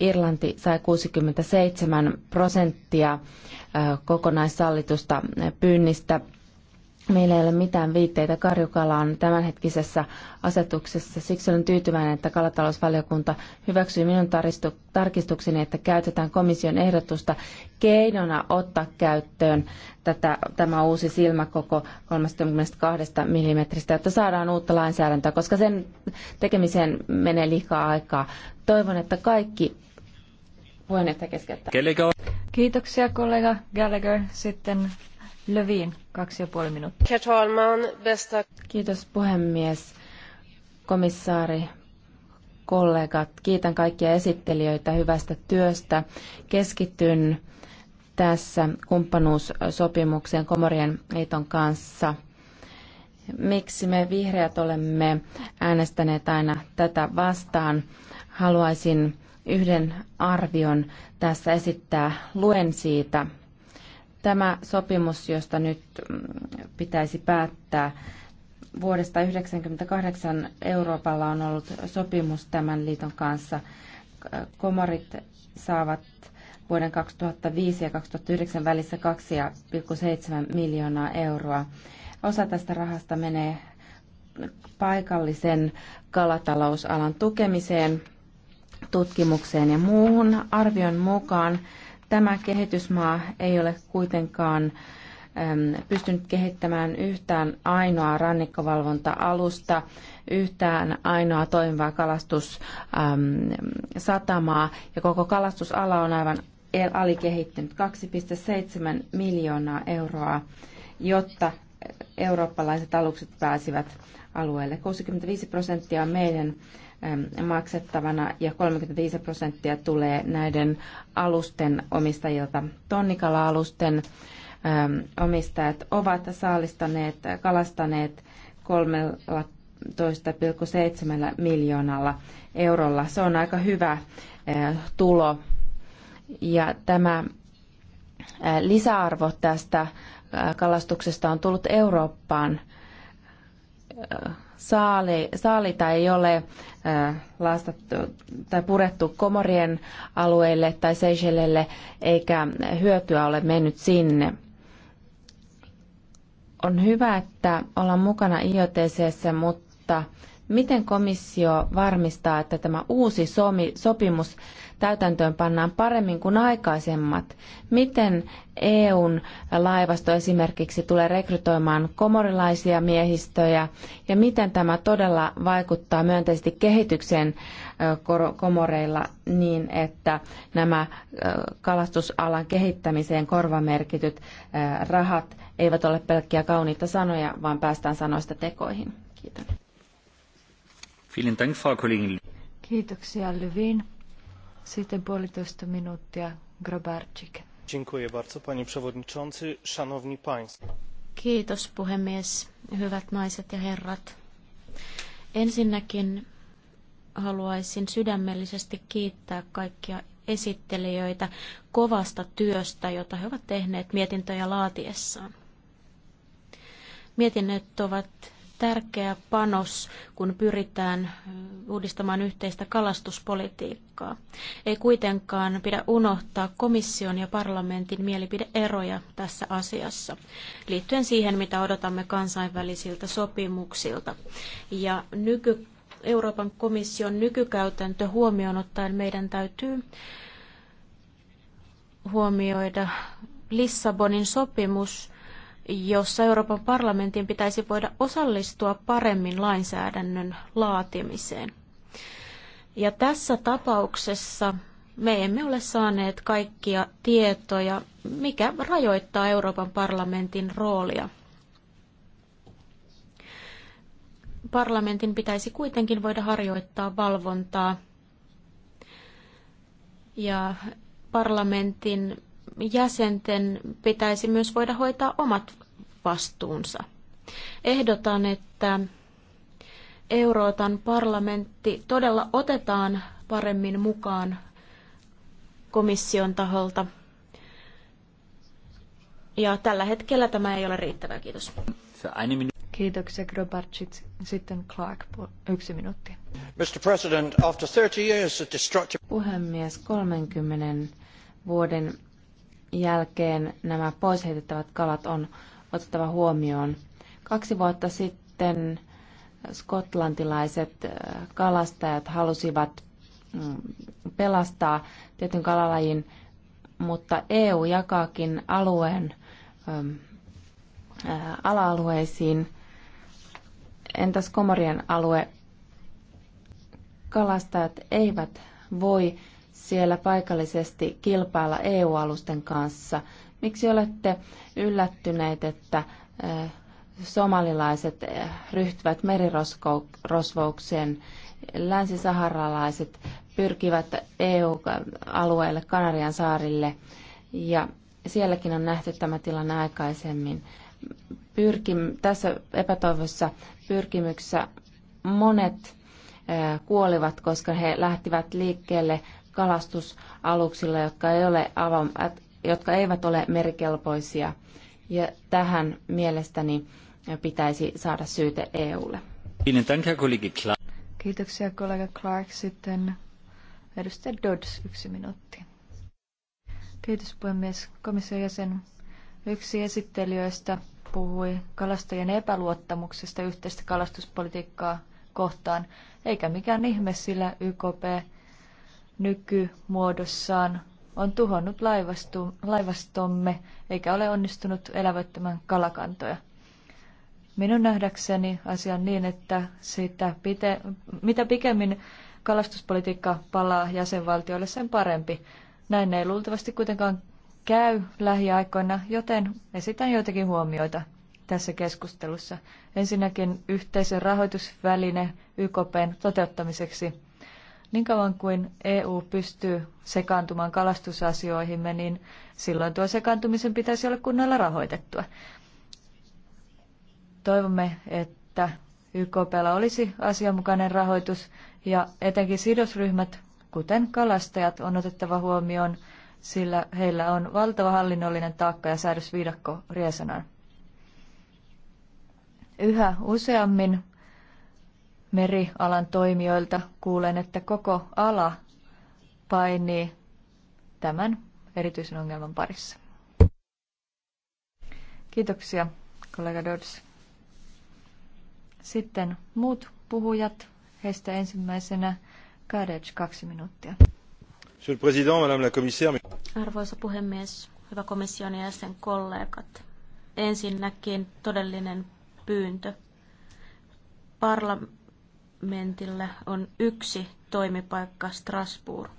D: Irlanti sai 67 prosenttia kokonaissallitusta pyynnistä Meillä ei ole mitään viitteitä karjukalaan tämänhetkisessä asetuksessa. Siksi olen tyytyväinen, että kalatalousvaliokunta hyväksyi minun tarkistukseni, että käytetään komission ehdotusta keinona ottaa käyttöön tätä, tämä uusi silmäkoko 32 mm, jotta saadaan uutta lainsäädäntöä, koska sen tekemiseen menee liikaa aikaa. Toivon, että
B: kaikki puheenjohtaja keskeyttää. Kiitoksia kollega Gallagher. Sitten Löviin, kaksi ja puoli minuuttia. Kiitos
D: puhemies, komissaari, kollegat. Kiitän kaikkia esittelijöitä hyvästä työstä. Keskityn tässä kumppanuussopimukseen Komorien liiton kanssa. Miksi me vihreät olemme äänestäneet aina tätä vastaan? Haluaisin yhden arvion tässä esittää. Luen siitä Tämä sopimus, josta nyt mm, pitäisi päättää, vuodesta 1998 Euroopalla on ollut sopimus tämän liiton kanssa. Komorit saavat vuoden 2005 ja 2009 välissä 2,7 miljoonaa euroa. Osa tästä rahasta menee paikallisen kalatalousalan tukemiseen, tutkimukseen ja muuhun. Arvion mukaan Tämä kehitysmaa ei ole kuitenkaan pystynyt kehittämään yhtään ainoa rannikkovalvonta-alusta, yhtään ainoa toimivaa kalastussatamaa ja koko kalastusala on aivan alikehittynyt 2,7 miljoonaa euroa, jotta eurooppalaiset alukset pääsivät alueelle. 65 prosenttia meidän Ähm, maksettavana ja 35 prosenttia tulee näiden alusten omistajilta. Tonnikala-alusten ähm, omistajat ovat saalistaneet, kalastaneet 13,7 miljoonalla eurolla. Se on aika hyvä äh, tulo ja tämä äh, lisäarvo tästä äh, kalastuksesta on tullut Eurooppaan – saali, saalita ei ole lastattu tai purettu Komorien alueelle tai Seychellelle, eikä hyötyä ole mennyt sinne. On hyvä, että ollaan mukana IOTCssä, mutta miten komissio varmistaa, että tämä uusi sopimus täytäntöön pannaan paremmin kuin aikaisemmat. Miten EUn laivasto esimerkiksi tulee rekrytoimaan komorilaisia miehistöjä ja miten tämä todella vaikuttaa myönteisesti kehitykseen komoreilla niin, että nämä kalastusalan kehittämiseen korvamerkityt rahat eivät ole pelkkiä kauniita sanoja, vaan päästään sanoista tekoihin. Kiitos.
B: Kiitoksia Lyvin. Sitten puolitoista minuuttia Grobarczyk.
C: Dziękuję bardzo, przewodniczący, szanowni państwo.
A: Kiitos puhemies, hyvät naiset ja herrat. Ensinnäkin haluaisin sydämellisesti kiittää kaikkia esittelijöitä kovasta työstä, jota he ovat tehneet mietintöjä laatiessaan. Mietinnöt ovat tärkeä panos, kun pyritään uudistamaan yhteistä kalastuspolitiikkaa. Ei kuitenkaan pidä unohtaa komission ja parlamentin mielipideeroja tässä asiassa liittyen siihen, mitä odotamme kansainvälisiltä sopimuksilta. Ja nyky Euroopan komission nykykäytäntö huomioon ottaen meidän täytyy huomioida Lissabonin sopimus jossa Euroopan parlamentin pitäisi voida osallistua paremmin lainsäädännön laatimiseen. Ja tässä tapauksessa me emme ole saaneet kaikkia tietoja, mikä rajoittaa Euroopan parlamentin roolia. Parlamentin pitäisi kuitenkin voida harjoittaa valvontaa ja parlamentin jäsenten pitäisi myös voida hoitaa omat vastuunsa. Ehdotan, että Euroopan parlamentti todella otetaan paremmin mukaan komission taholta.
B: Ja tällä hetkellä tämä ei ole riittävää. Kiitos. Kiitoksia, Grobarczyk. Sitten Clark, yksi minuutti.
C: Mr. President, after 30 years of destructive...
D: Puhemies, 30 vuoden jälkeen nämä pois heitettävät kalat on otettava huomioon. Kaksi vuotta sitten skotlantilaiset äh, kalastajat halusivat mm, pelastaa tietyn kalalajin, mutta EU jakaakin alueen ähm, äh, ala-alueisiin. Entäs Komorien alue? Kalastajat eivät voi siellä paikallisesti kilpailla EU-alusten kanssa. Miksi olette yllättyneet, että somalilaiset ryhtyvät merirosvoukseen, länsisaharalaiset pyrkivät EU-alueelle, Kanarian saarille ja sielläkin on nähty tämä tilanne aikaisemmin. Pyrkim, tässä epätoivossa pyrkimyksessä monet kuolivat, koska he lähtivät liikkeelle kalastusaluksilla, jotka, ei ole avam, jotka eivät ole merikelpoisia. Ja tähän mielestäni pitäisi saada syyte EUlle.
B: Kiitoksia kollega Clark. Sitten edustaja Dodds, yksi minuutti. Kiitos puhemies. Komission jäsen yksi esittelijöistä puhui kalastajien epäluottamuksesta yhteistä kalastuspolitiikkaa kohtaan, eikä mikään ihme, sillä YKP nykymuodossaan on tuhonnut laivastomme eikä ole onnistunut elävöittämään kalakantoja. Minun nähdäkseni asia on niin, että sitä pite, mitä pikemmin kalastuspolitiikka palaa jäsenvaltioille, sen parempi. Näin ei luultavasti kuitenkaan käy lähiaikoina, joten esitän joitakin huomioita tässä keskustelussa. Ensinnäkin yhteisen rahoitusväline YKPn toteuttamiseksi – niin kauan kuin EU pystyy sekaantumaan kalastusasioihimme, niin silloin tuo sekaantumisen pitäisi olla kunnolla rahoitettua. Toivomme, että YKPlla olisi asianmukainen rahoitus ja etenkin sidosryhmät, kuten kalastajat, on otettava huomioon, sillä heillä on valtava hallinnollinen taakka ja säädösviidakko riesanaan. Yhä useammin merialan toimijoilta kuulen, että koko ala painii tämän erityisen ongelman parissa. Kiitoksia, kollega Dodds. Sitten muut puhujat. Heistä ensimmäisenä Kadej, kaksi minuuttia.
C: Monsieur le Président, Madame la Commissaire.
A: Arvoisa puhemies, hyvä komission jäsen kollegat. Ensinnäkin todellinen pyyntö. Parla- parlamentilla on yksi toimipaikka Strasbourg.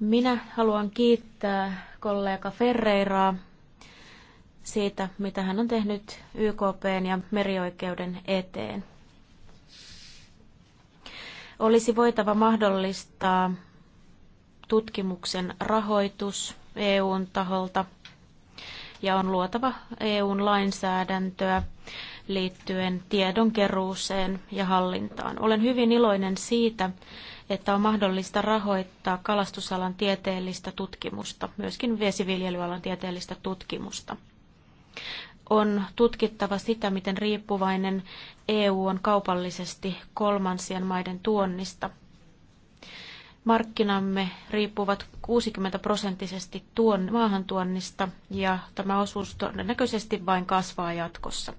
A: Minä haluan kiittää kollega Ferreiraa siitä, mitä hän on tehnyt YKPn ja merioikeuden eteen. Olisi voitava mahdollistaa tutkimuksen rahoitus EUn taholta ja on luotava EUn lainsäädäntöä, liittyen tiedonkeruuseen ja hallintaan. Olen hyvin iloinen siitä, että on mahdollista rahoittaa kalastusalan tieteellistä tutkimusta, myöskin vesiviljelyalan tieteellistä tutkimusta. On tutkittava sitä, miten riippuvainen EU on kaupallisesti kolmansien maiden tuonnista – Markkinamme riippuvat 60 prosenttisesti tuon maahantuonnista ja tämä osuus todennäköisesti vain kasvaa jatkossa.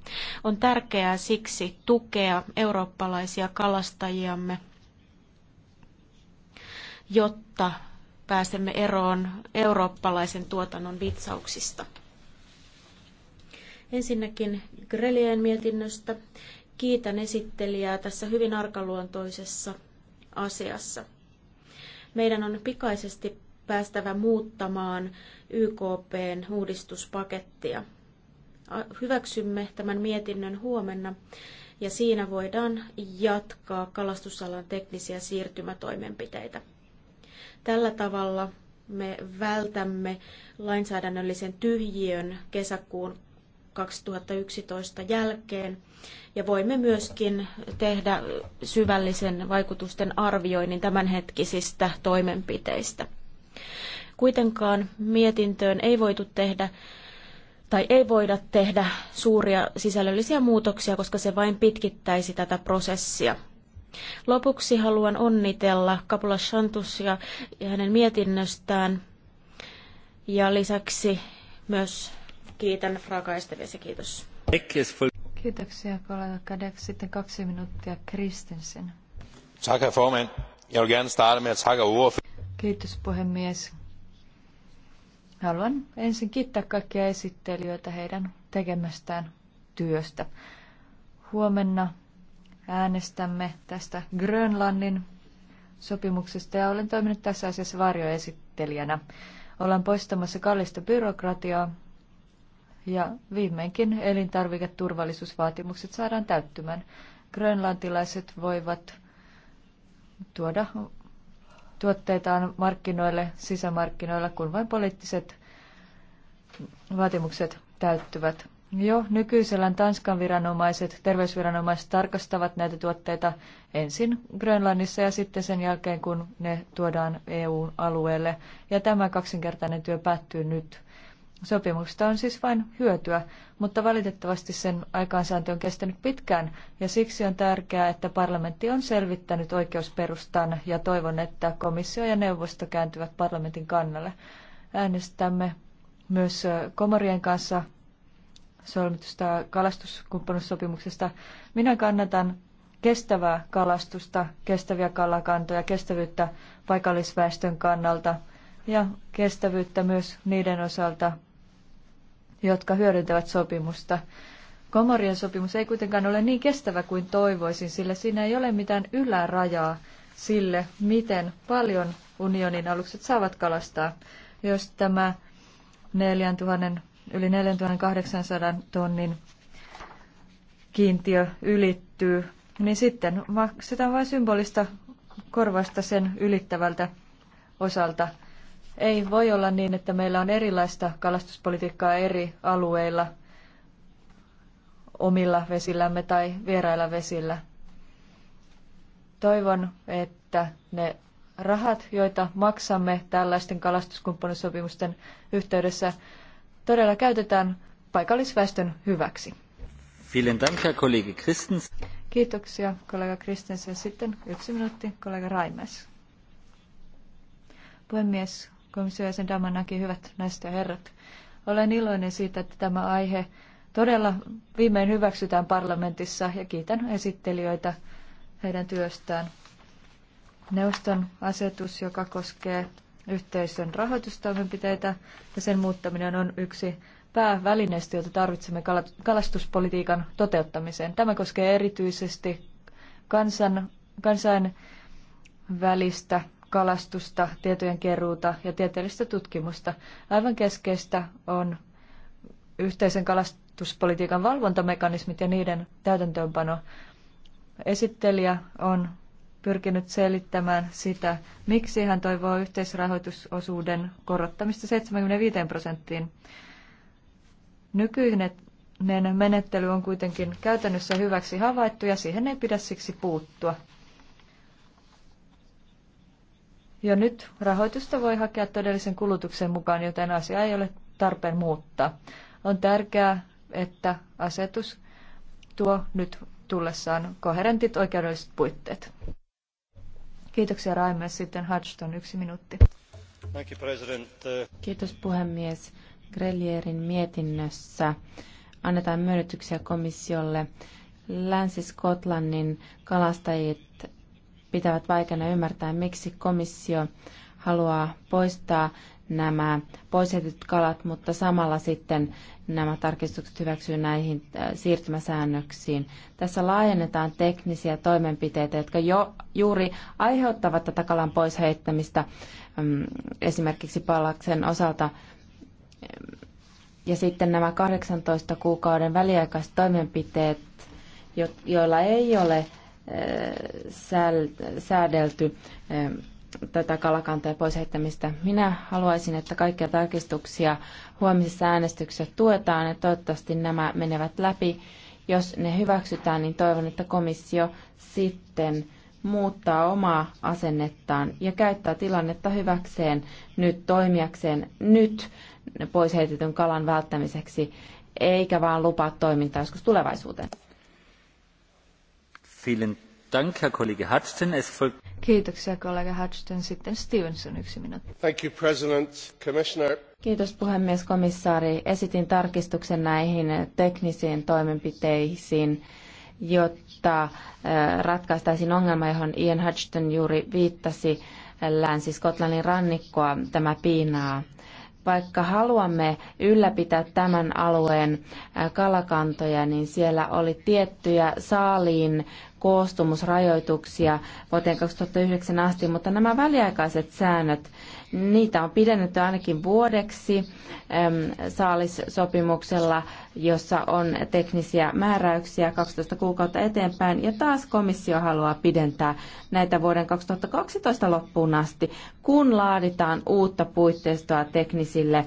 A: On tärkeää siksi tukea eurooppalaisia kalastajiamme, jotta pääsemme eroon eurooppalaisen tuotannon vitsauksista. Ensinnäkin Grelien mietinnöstä. Kiitän esittelijää tässä hyvin arkaluontoisessa asiassa. Meidän on pikaisesti päästävä muuttamaan YKPn uudistuspakettia. Hyväksymme tämän mietinnön huomenna ja siinä voidaan jatkaa kalastusalan teknisiä siirtymätoimenpiteitä. Tällä tavalla me vältämme lainsäädännöllisen tyhjiön kesäkuun 2011 jälkeen. Ja voimme myöskin tehdä syvällisen vaikutusten arvioinnin tämänhetkisistä toimenpiteistä. Kuitenkaan mietintöön ei voitu tehdä tai ei voida tehdä suuria sisällöllisiä muutoksia, koska se vain pitkittäisi tätä prosessia. Lopuksi haluan onnitella Kapula Shantusia ja hänen mietinnöstään ja lisäksi
B: myös Kiitän Fraka Estevesi, kiitos. Kiitoksia kollega Kadek. Sitten kaksi minuuttia Kristensen. Kiitos puhemies. Haluan ensin kiittää kaikkia esittelijöitä heidän tekemästään työstä. Huomenna äänestämme tästä Grönlannin sopimuksesta ja olen toiminut tässä asiassa varjoesittelijänä. Ollaan poistamassa kallista byrokratiaa ja viimeinkin elintarviketurvallisuusvaatimukset saadaan täyttymään. Grönlantilaiset voivat tuoda tuotteitaan markkinoille, sisämarkkinoilla, kun vain poliittiset vaatimukset täyttyvät. Jo nykyisellään Tanskan viranomaiset, terveysviranomaiset tarkastavat näitä tuotteita ensin Grönlannissa ja sitten sen jälkeen, kun ne tuodaan EU-alueelle. Ja tämä kaksinkertainen työ päättyy nyt. Sopimuksesta on siis vain hyötyä, mutta valitettavasti sen aikaansaanti on kestänyt pitkään ja siksi on tärkeää, että parlamentti on selvittänyt oikeusperustan ja toivon, että komissio ja neuvosto kääntyvät parlamentin kannalle. Äänestämme myös Komorien kanssa solmitusta kalastuskumppanussopimuksesta. Minä kannatan kestävää kalastusta, kestäviä kalakantoja, kestävyyttä paikallisväestön kannalta ja kestävyyttä myös niiden osalta, jotka hyödyntävät sopimusta. Komorien sopimus ei kuitenkaan ole niin kestävä kuin toivoisin, sillä siinä ei ole mitään ylärajaa sille, miten paljon unionin alukset saavat kalastaa. Jos tämä 4000, yli 4800 tonnin kiintiö ylittyy, niin sitten maksetaan vain symbolista korvasta sen ylittävältä osalta – ei voi olla niin, että meillä on erilaista kalastuspolitiikkaa eri alueilla omilla vesillämme tai vierailla vesillä. Toivon, että ne rahat, joita maksamme tällaisten kalastuskumppanuussopimusten yhteydessä, todella käytetään paikallisväestön hyväksi. Vielen Dank, Christens. Kiitoksia, kollega Kristensen. Sitten yksi minuutti, kollega Raimes. Puhemies, komissio jäsen Damanaki, hyvät naiset ja herrat. Olen iloinen siitä, että tämä aihe todella viimein hyväksytään parlamentissa ja kiitän esittelijöitä heidän työstään. Neuvoston asetus, joka koskee yhteisön rahoitustoimenpiteitä ja sen muuttaminen on yksi päävälineistä, jota tarvitsemme kalastuspolitiikan toteuttamiseen. Tämä koskee erityisesti kansan, kansainvälistä kalastusta, tietojen keruuta ja tieteellistä tutkimusta. Aivan keskeistä on yhteisen kalastuspolitiikan valvontamekanismit ja niiden täytäntöönpano. Esittelijä on pyrkinyt selittämään sitä, miksi hän toivoo yhteisrahoitusosuuden korottamista 75 prosenttiin. Nykyinen menettely on kuitenkin käytännössä hyväksi havaittu ja siihen ei pidä siksi puuttua. Jo nyt rahoitusta voi hakea todellisen kulutuksen mukaan, joten asia ei ole tarpeen muuttaa. On tärkeää, että asetus tuo nyt tullessaan koherentit oikeudelliset puitteet. Kiitoksia Raimes. Sitten Hudson, yksi minuutti. Kiitos puhemies.
D: Grelierin mietinnössä annetaan myönnytyksiä komissiolle. Länsi-Skotlannin kalastajit pitävät vaikeana ymmärtää, miksi komissio haluaa poistaa nämä poistetyt kalat, mutta samalla sitten nämä tarkistukset hyväksyy näihin äh, siirtymäsäännöksiin. Tässä laajennetaan teknisiä toimenpiteitä, jotka jo juuri aiheuttavat tätä kalan pois heittämistä mm, esimerkiksi pallaksen osalta. Ja sitten nämä 18 kuukauden väliaikaiset toimenpiteet, joilla ei ole säädelty eh, tätä kalakantoja pois heittämistä. Minä haluaisin, että kaikkia tarkistuksia huomisessa äänestyksessä tuetaan ja toivottavasti nämä menevät läpi. Jos ne hyväksytään, niin toivon, että komissio sitten muuttaa omaa asennettaan ja käyttää tilannetta hyväkseen nyt toimijakseen nyt pois heitetyn kalan välttämiseksi, eikä vaan lupaa toimintaa joskus tulevaisuuteen.
B: Kiitoksia kollega Hudson. Sitten Stevenson yksi Kiitos puhemies komissaari.
D: Esitin tarkistuksen näihin teknisiin toimenpiteisiin, jotta äh, ratkaistaisiin ongelma, johon Ian Hudson juuri viittasi äh, länsi-Skotlannin rannikkoa tämä piinaa. Vaikka haluamme ylläpitää tämän alueen kalakantoja, niin siellä oli tiettyjä saaliin koostumusrajoituksia vuoteen 2009 asti, mutta nämä väliaikaiset säännöt Niitä on pidennetty ainakin vuodeksi saalissopimuksella, jossa on teknisiä määräyksiä 12 kuukautta eteenpäin. Ja taas komissio haluaa pidentää näitä vuoden 2012 loppuun asti, kun laaditaan uutta puitteistoa teknisille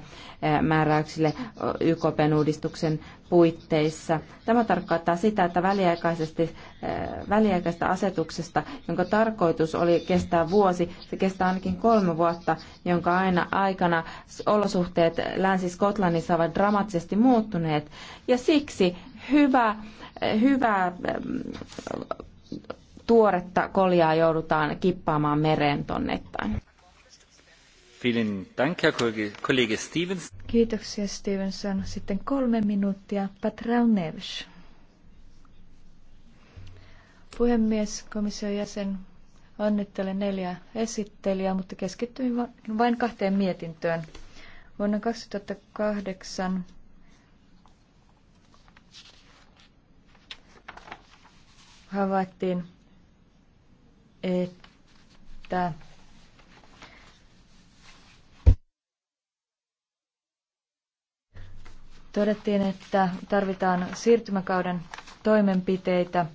D: määräyksille YKPn uudistuksen puitteissa. Tämä tarkoittaa sitä, että väliaikaisesti, eh, väliaikaisesta asetuksesta, jonka tarkoitus oli kestää vuosi, se kestää ainakin kolme vuotta, jonka aina aikana olosuhteet Länsi-Skotlannissa ovat dramaattisesti muuttuneet. Ja siksi hyvä, eh, hyvä eh, tuoretta koljaa joudutaan kippaamaan mereen tonnettain.
B: Kiitoksia Stevenson. Sitten kolme minuuttia. Patrao Neves. Puhemies, komission jäsen, onnittelen neljä esittelijää, mutta keskittyin vain kahteen mietintöön. Vuonna 2008 havaittiin, että todettiin, että tarvitaan siirtymäkauden toimenpiteitä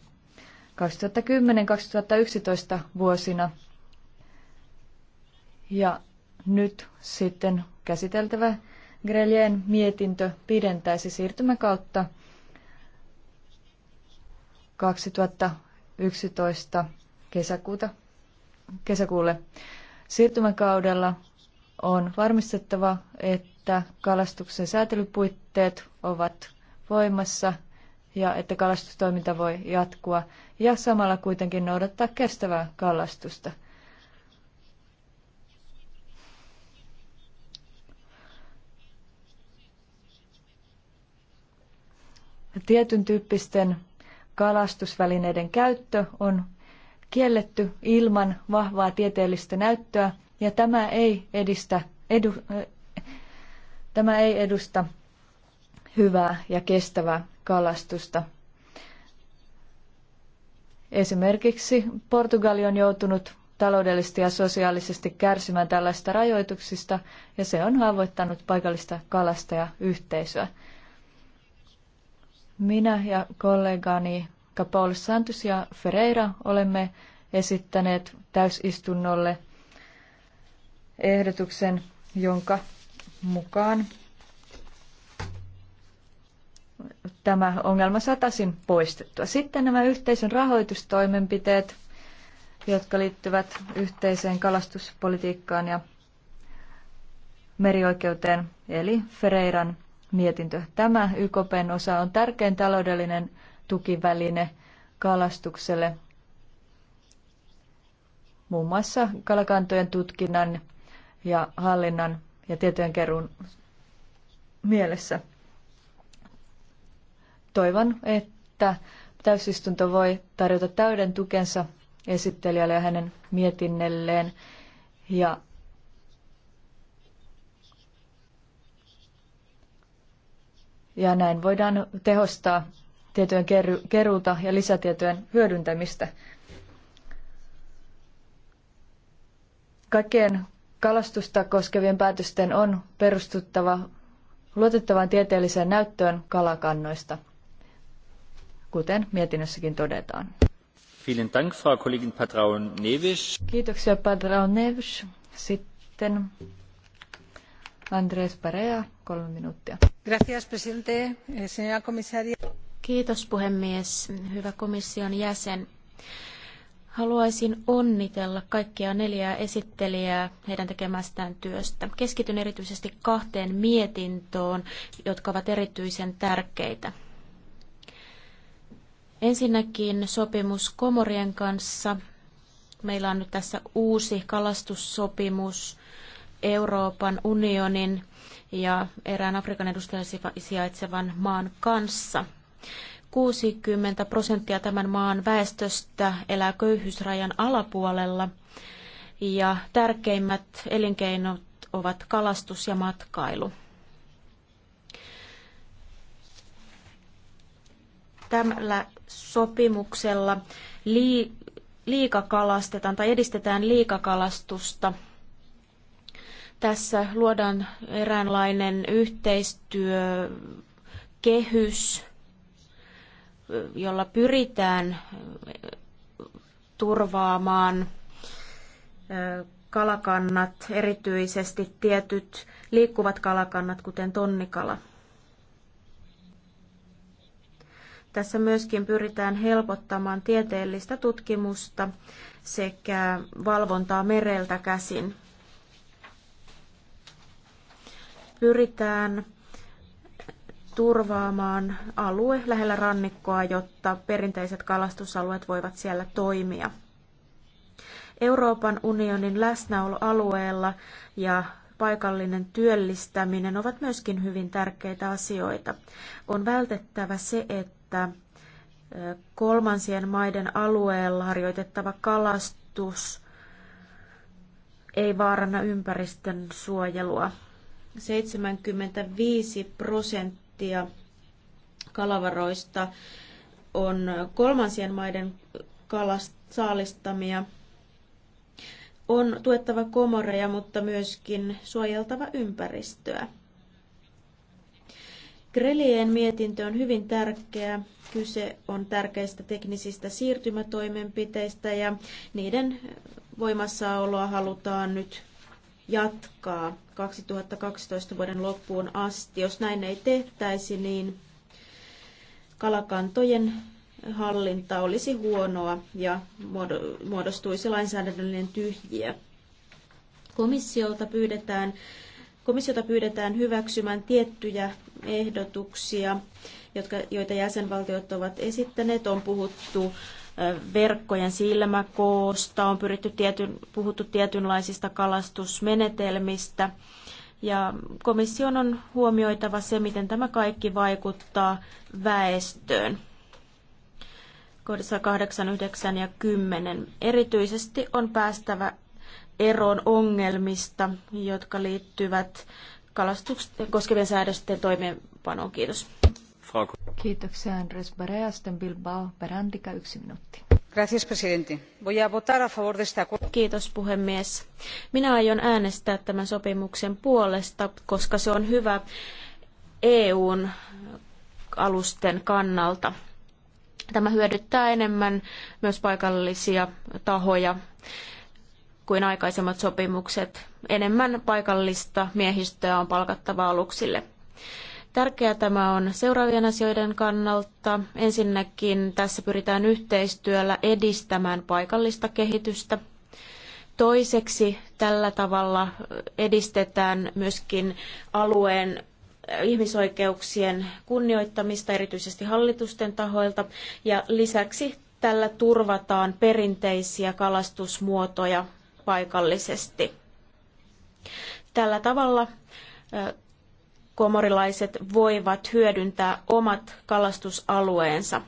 B: 2010-2011 vuosina. Ja nyt sitten käsiteltävä Grelien mietintö pidentäisi siirtymäkautta 2011 kesäkuuta, kesäkuulle. Siirtymäkaudella on varmistettava, että että kalastuksen säätelypuitteet ovat voimassa ja että kalastustoiminta voi jatkua ja samalla kuitenkin noudattaa kestävää kalastusta. Tietyn tyyppisten kalastusvälineiden käyttö on kielletty ilman vahvaa tieteellistä näyttöä ja tämä ei edistä edu, Tämä ei edusta hyvää ja kestävää kalastusta. Esimerkiksi Portugali on joutunut taloudellisesti ja sosiaalisesti kärsimään tällaista rajoituksista ja se on haavoittanut paikallista kalastajayhteisöä. Minä ja kollegani Capol Santos ja Ferreira olemme esittäneet täysistunnolle ehdotuksen, jonka mukaan tämä ongelma saataisiin poistettua. Sitten nämä yhteisön rahoitustoimenpiteet, jotka liittyvät yhteiseen kalastuspolitiikkaan ja merioikeuteen, eli Ferreiran mietintö. Tämä YKPn osa on tärkein taloudellinen tukiväline kalastukselle, muun muassa kalakantojen tutkinnan ja hallinnan ja tietojen keruun mielessä. Toivon, että täysistunto voi tarjota täyden tukensa esittelijälle ja hänen mietinnelleen. Ja ja näin voidaan tehostaa tietojen keruuta ja lisätietojen hyödyntämistä. Kaikkien Kalastusta koskevien päätösten on perustuttava luotettavaan tieteelliseen näyttöön kalakannoista, kuten mietinnössäkin todetaan. Vielen Kiitoksia, Patraun Neves. Sitten Andrés Parea, kolme minuuttia.
A: Gracias, presidente, eh, señora komissaria. Kiitos puhemies, hyvä komission jäsen. Haluaisin onnitella kaikkia neljää esittelijää heidän tekemästään työstä. Keskityn erityisesti kahteen mietintoon, jotka ovat erityisen tärkeitä. Ensinnäkin sopimus Komorien kanssa. Meillä on nyt tässä uusi kalastussopimus Euroopan unionin ja erään Afrikan edustajan sijaitsevan maan kanssa. 60 prosenttia tämän maan väestöstä elää köyhyysrajan alapuolella ja tärkeimmät elinkeinot ovat kalastus ja matkailu. Tällä sopimuksella liikakalastetaan tai edistetään liikakalastusta. Tässä luodaan eräänlainen yhteistyökehys jolla pyritään eh, turvaamaan eh, kalakannat, erityisesti tietyt liikkuvat kalakannat, kuten tonnikala. Tässä myöskin pyritään helpottamaan tieteellistä tutkimusta sekä valvontaa mereltä käsin. Pyritään turvaamaan alue lähellä rannikkoa, jotta perinteiset kalastusalueet voivat siellä toimia. Euroopan unionin läsnäolo alueella ja paikallinen työllistäminen ovat myöskin hyvin tärkeitä asioita. On vältettävä se, että kolmansien maiden alueella harjoitettava kalastus ei vaaranna ympäristön suojelua. 75 prosenttia prosenttia kalavaroista on kolmansien maiden saalistamia. On tuettava komoreja, mutta myöskin suojeltava ympäristöä. Grelien mietintö on hyvin tärkeä. Kyse on tärkeistä teknisistä siirtymätoimenpiteistä ja niiden voimassaoloa halutaan nyt jatkaa 2012 vuoden loppuun asti. Jos näin ei tehtäisi, niin kalakantojen hallinta olisi huonoa ja muodostuisi lainsäädännöllinen tyhjiä. Komissiolta pyydetään, komissiota pyydetään hyväksymään tiettyjä ehdotuksia, jotka, joita jäsenvaltiot ovat esittäneet. On puhuttu verkkojen silmäkoosta, on pyritty tietyn, puhuttu tietynlaisista kalastusmenetelmistä. Ja komission on huomioitava se, miten tämä kaikki vaikuttaa väestöön. Kohdissa 8, 9 ja 10. Erityisesti on päästävä eroon ongelmista, jotka liittyvät kalastuksen koskevien säädösten toimeenpanoon. Kiitos.
C: Frau...
B: Kiitoksia Andres Barea, Bilbao Berandika, yksi minuutti. Kiitos puhemies.
A: Minä aion äänestää tämän sopimuksen puolesta, koska se on hyvä EUn alusten kannalta. Tämä hyödyttää enemmän myös paikallisia tahoja kuin aikaisemmat sopimukset. Enemmän paikallista miehistöä on palkattava aluksille. Tärkeää tämä on seuraavien asioiden kannalta. Ensinnäkin tässä pyritään yhteistyöllä edistämään paikallista kehitystä. Toiseksi tällä tavalla edistetään myöskin alueen ihmisoikeuksien kunnioittamista erityisesti hallitusten tahoilta ja lisäksi tällä turvataan perinteisiä kalastusmuotoja paikallisesti. Tällä tavalla komorilaiset voivat hyödyntää omat kalastusalueensa.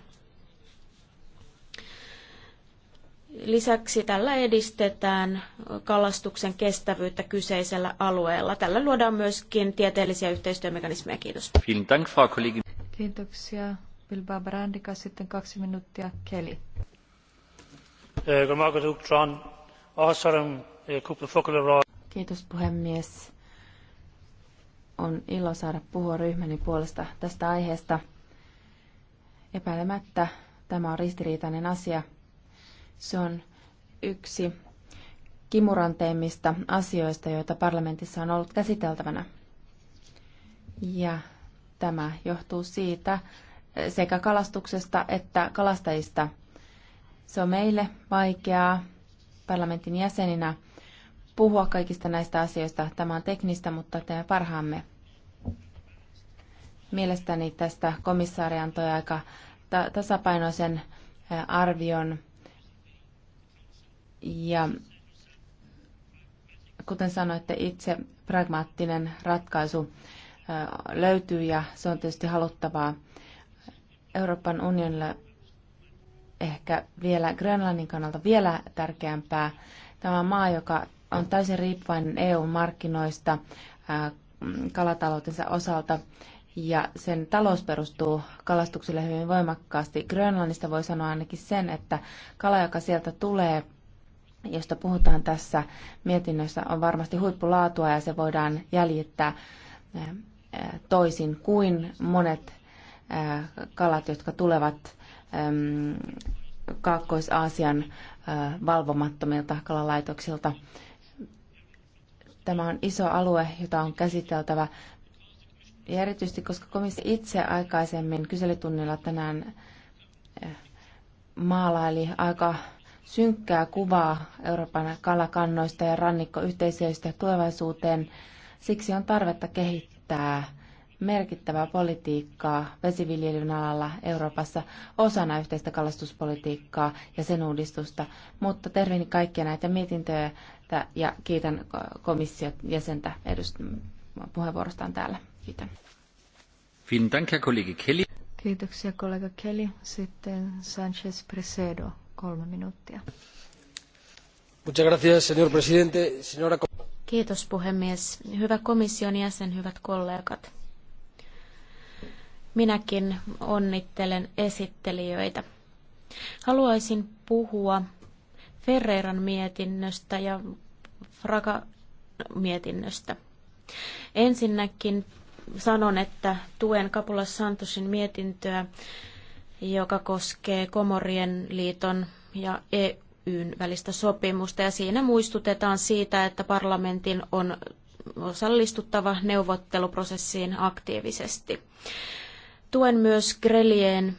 A: Lisäksi tällä edistetään kalastuksen kestävyyttä kyseisellä alueella. Tällä luodaan myöskin tieteellisiä yhteistyömekanismeja. Kiitos.
B: Kiitoksia. Bilbao Brandika, sitten kaksi minuuttia. Kelly.
C: Eh, eh,
D: Kiitos puhemies on ilo saada puhua ryhmäni puolesta tästä aiheesta. Epäilemättä tämä on ristiriitainen asia. Se on yksi kimuranteimmista asioista, joita parlamentissa on ollut käsiteltävänä. Ja tämä johtuu siitä sekä kalastuksesta että kalastajista. Se on meille vaikeaa parlamentin jäseninä puhua kaikista näistä asioista. Tämä on teknistä, mutta teemme parhaamme. Mielestäni tästä komissaari antoi aika tasapainoisen arvion. Ja kuten sanoitte, itse pragmaattinen ratkaisu löytyy ja se on tietysti haluttavaa. Euroopan unionille ehkä vielä Grönlannin kannalta vielä tärkeämpää. Tämä maa, joka on täysin riippuvainen EU-markkinoista kalataloutensa osalta ja sen talous perustuu kalastukselle hyvin voimakkaasti. Grönlannista voi sanoa ainakin sen, että kala, joka sieltä tulee, josta puhutaan tässä mietinnössä, on varmasti huippulaatua ja se voidaan jäljittää eh, eh, toisin kuin monet eh, kalat, jotka tulevat ehm, Kaakkois-Aasian valvomattomilta kalalaitoksilta. Tämä on iso alue, jota on käsiteltävä ja erityisesti, koska komissio itse aikaisemmin kyselytunnilla tänään eh, maalaili aika synkkää kuvaa Euroopan kalakannoista ja rannikkoyhteisöistä tulevaisuuteen. Siksi on tarvetta kehittää merkittävää politiikkaa vesiviljelyn alalla Euroopassa osana yhteistä kalastuspolitiikkaa ja sen uudistusta. Mutta tervin kaikkia näitä mietintöjä ja kiitän komission jäsentä edust- puheenvuorostaan täällä.
C: Kelly.
B: Kiitoksia kollega Kelly. Sitten Sanchez Presedo, kolme minuuttia.
A: Kiitos puhemies. Hyvä komission jäsen, hyvät kollegat. Minäkin onnittelen esittelijöitä. Haluaisin puhua Ferreiran mietinnöstä ja Fraga mietinnöstä. Ensinnäkin sanon, että tuen Kapula Santosin mietintöä, joka koskee Komorien liiton ja EUn välistä sopimusta. Ja siinä muistutetaan siitä, että parlamentin on osallistuttava neuvotteluprosessiin aktiivisesti. Tuen myös Grelien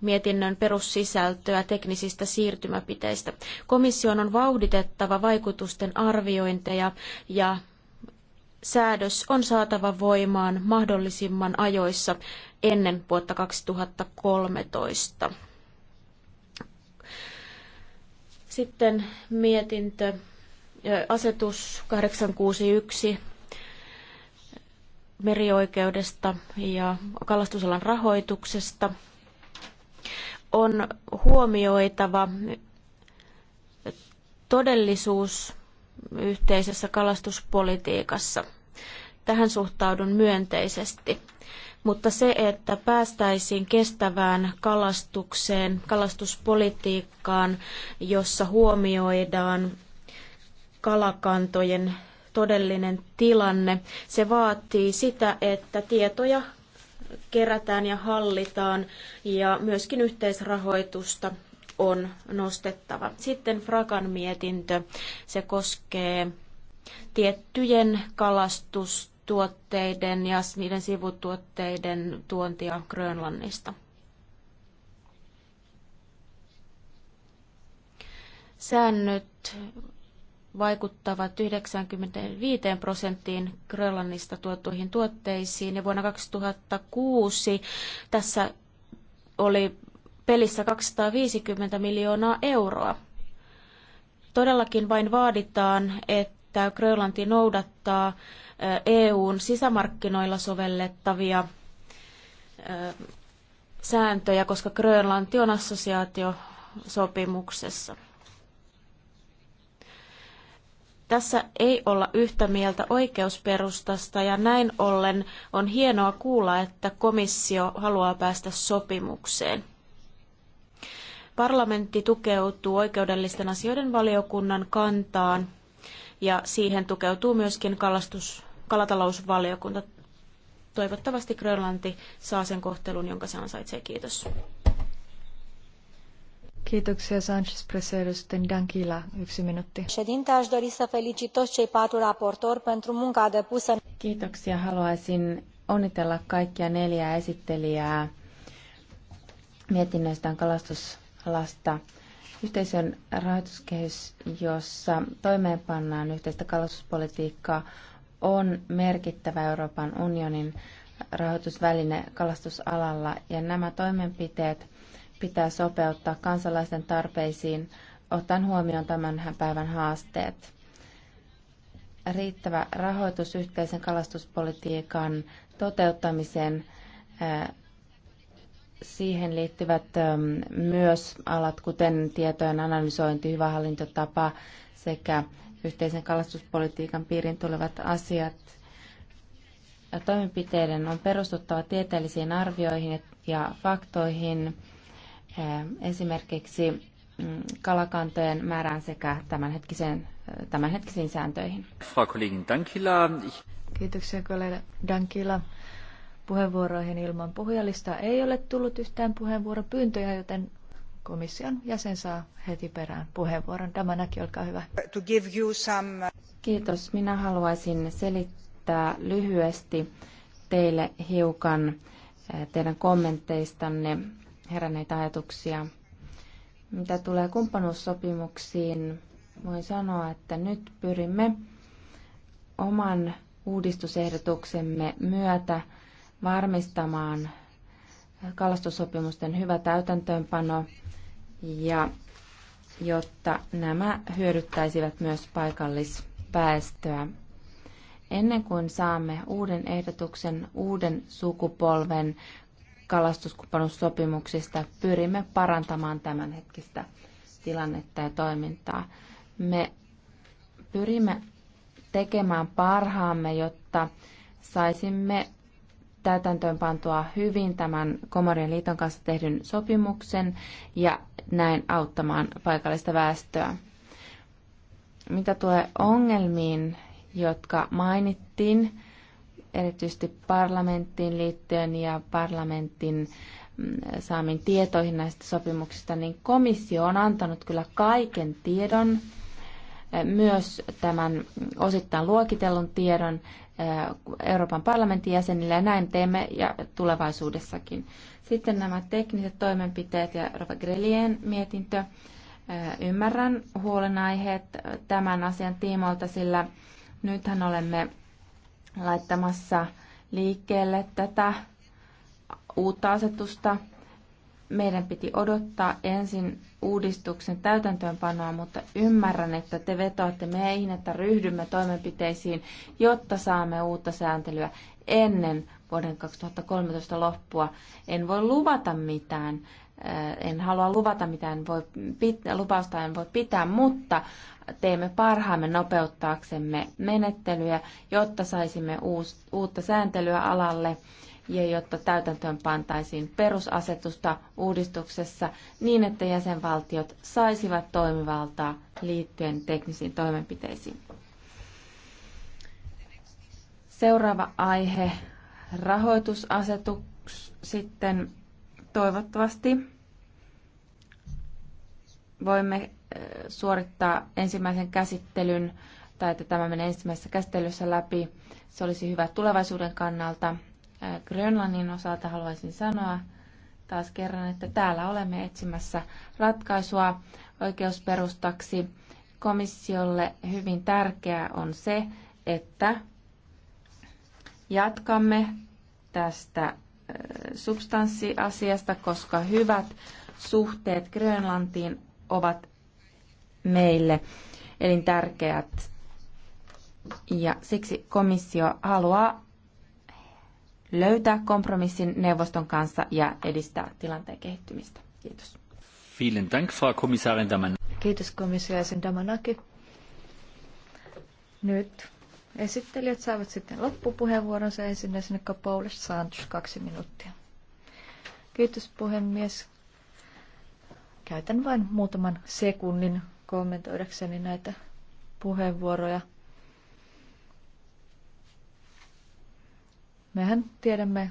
A: mietinnön perussisältöä teknisistä siirtymäpiteistä. Komission on vauhditettava vaikutusten arviointeja ja säädös on saatava voimaan mahdollisimman ajoissa ennen vuotta 2013. Sitten mietintö, asetus 861 merioikeudesta ja kalastusalan rahoituksesta on huomioitava todellisuus yhteisessä kalastuspolitiikassa. Tähän suhtaudun myönteisesti. Mutta se, että päästäisiin kestävään kalastukseen, kalastuspolitiikkaan, jossa huomioidaan kalakantojen todellinen tilanne, se vaatii sitä, että tietoja kerätään ja hallitaan ja myöskin yhteisrahoitusta on nostettava. Sitten Frakan mietintö. Se koskee tiettyjen kalastustuotteiden ja niiden sivutuotteiden tuontia Grönlannista. Säännöt vaikuttavat 95 prosenttiin Grönlannista tuottuihin tuotteisiin. Ja vuonna 2006 tässä oli pelissä 250 miljoonaa euroa. Todellakin vain vaaditaan, että Grönlanti noudattaa EUn sisämarkkinoilla sovellettavia sääntöjä, koska Grönlanti on assosiaatiosopimuksessa. Tässä ei olla yhtä mieltä oikeusperustasta ja näin ollen on hienoa kuulla, että komissio haluaa päästä sopimukseen. Parlamentti tukeutuu oikeudellisten asioiden valiokunnan kantaan ja siihen tukeutuu myöskin kalastus, kalatalousvaliokunta. Toivottavasti Grönlanti saa sen kohtelun, jonka se ansaitsee. Kiitos.
B: Kiitoksia Sanchez Preseros, Sitten Dankila, yksi minuutti. Ședinte, aș dori să felicit toți cei patru raportori pentru munca depusă. Kiitoksia. Haluaisin onnitella
D: kaikkia neljää esittelijää mietinnöistään kalastus lasta. Yhteisön rahoituskehys, jossa toimeenpannaan yhteistä kalastuspolitiikkaa, on merkittävä Euroopan unionin rahoitusväline kalastusalalla ja nämä toimenpiteet pitää sopeuttaa kansalaisten tarpeisiin ottaen huomioon tämän päivän haasteet. Riittävä rahoitus yhteisen kalastuspolitiikan toteuttamiseen eh, siihen liittyvät ähm, myös alat, kuten tietojen analysointi, hyvä hallintotapa sekä yhteisen kalastuspolitiikan piirin tulevat asiat. Toimenpiteiden on perustuttava tieteellisiin arvioihin ja faktoihin, ähm, esimerkiksi mm, kalakantojen määrään sekä tämänhetkiseen, äh, tämänhetkisiin
B: sääntöihin. Kiitoksia kollega Dankila puheenvuoroihin ilman puhujalistaa. Ei ole tullut yhtään puheenvuoropyyntöjä, joten komission jäsen saa heti perään puheenvuoron. näki, olkaa hyvä. To give you some...
D: Kiitos. Minä haluaisin selittää lyhyesti teille hiukan eh, teidän kommenteistanne heränneitä ajatuksia. Mitä tulee kumppanuussopimuksiin, voin sanoa, että nyt pyrimme oman uudistusehdotuksemme myötä varmistamaan kalastussopimusten hyvä täytäntöönpano ja jotta nämä hyödyttäisivät myös paikallisväestöä. Ennen kuin saamme uuden ehdotuksen uuden sukupolven kalastuskumppanuussopimuksista, pyrimme parantamaan tämänhetkistä tilannetta ja toimintaa. Me pyrimme tekemään parhaamme, jotta saisimme täytäntöönpantua hyvin tämän Komorien liiton kanssa tehdyn sopimuksen ja näin auttamaan paikallista väestöä. Mitä tulee ongelmiin, jotka mainittiin, erityisesti parlamenttiin liittyen ja parlamentin mm, saamin tietoihin näistä sopimuksista, niin komissio on antanut kyllä kaiken tiedon myös tämän osittain luokitellun tiedon eh, Euroopan parlamentin jäsenille ja näin teemme ja tulevaisuudessakin. Sitten nämä tekniset toimenpiteet ja Rova Grelien mietintö. Eh, ymmärrän huolenaiheet tämän asian tiimoilta, sillä nythän olemme laittamassa liikkeelle tätä uutta asetusta – meidän piti odottaa ensin uudistuksen täytäntöönpanoa, mutta ymmärrän, että te vetoatte meihin, että ryhdymme toimenpiteisiin, jotta saamme uutta sääntelyä ennen vuoden 2013 loppua. En voi luvata mitään, eh, en halua luvata mitään, voi pitää, lupausta en voi pitää, mutta teemme parhaamme nopeuttaaksemme menettelyä, jotta saisimme uus, uutta sääntelyä alalle ja jotta täytäntöön pantaisiin perusasetusta uudistuksessa niin, että jäsenvaltiot saisivat toimivaltaa liittyen teknisiin toimenpiteisiin. Seuraava aihe, rahoitusasetus sitten toivottavasti voimme eh, suorittaa ensimmäisen käsittelyn tai että tämä menee ensimmäisessä käsittelyssä läpi. Se olisi hyvä tulevaisuuden kannalta Äh, Grönlannin osalta haluaisin sanoa taas kerran, että täällä olemme etsimässä ratkaisua oikeusperustaksi. Komissiolle hyvin tärkeää on se, että jatkamme tästä äh, substanssiasiasta, koska hyvät suhteet Grönlantiin ovat meille elintärkeät. Ja siksi komissio haluaa löytää kompromissin neuvoston kanssa ja edistää tilanteen kehittymistä. Kiitos.
C: Vielen Dank, Frau Kommissarin Daman.
B: Kiitos komissiaisen Damanaki. Nyt esittelijät saavat sitten loppupuheenvuoronsa ensimmäisenä Kapoule Santos, kaksi minuuttia. Kiitos puhemies. Käytän vain muutaman sekunnin kommentoidakseni näitä puheenvuoroja – Mehän tiedämme,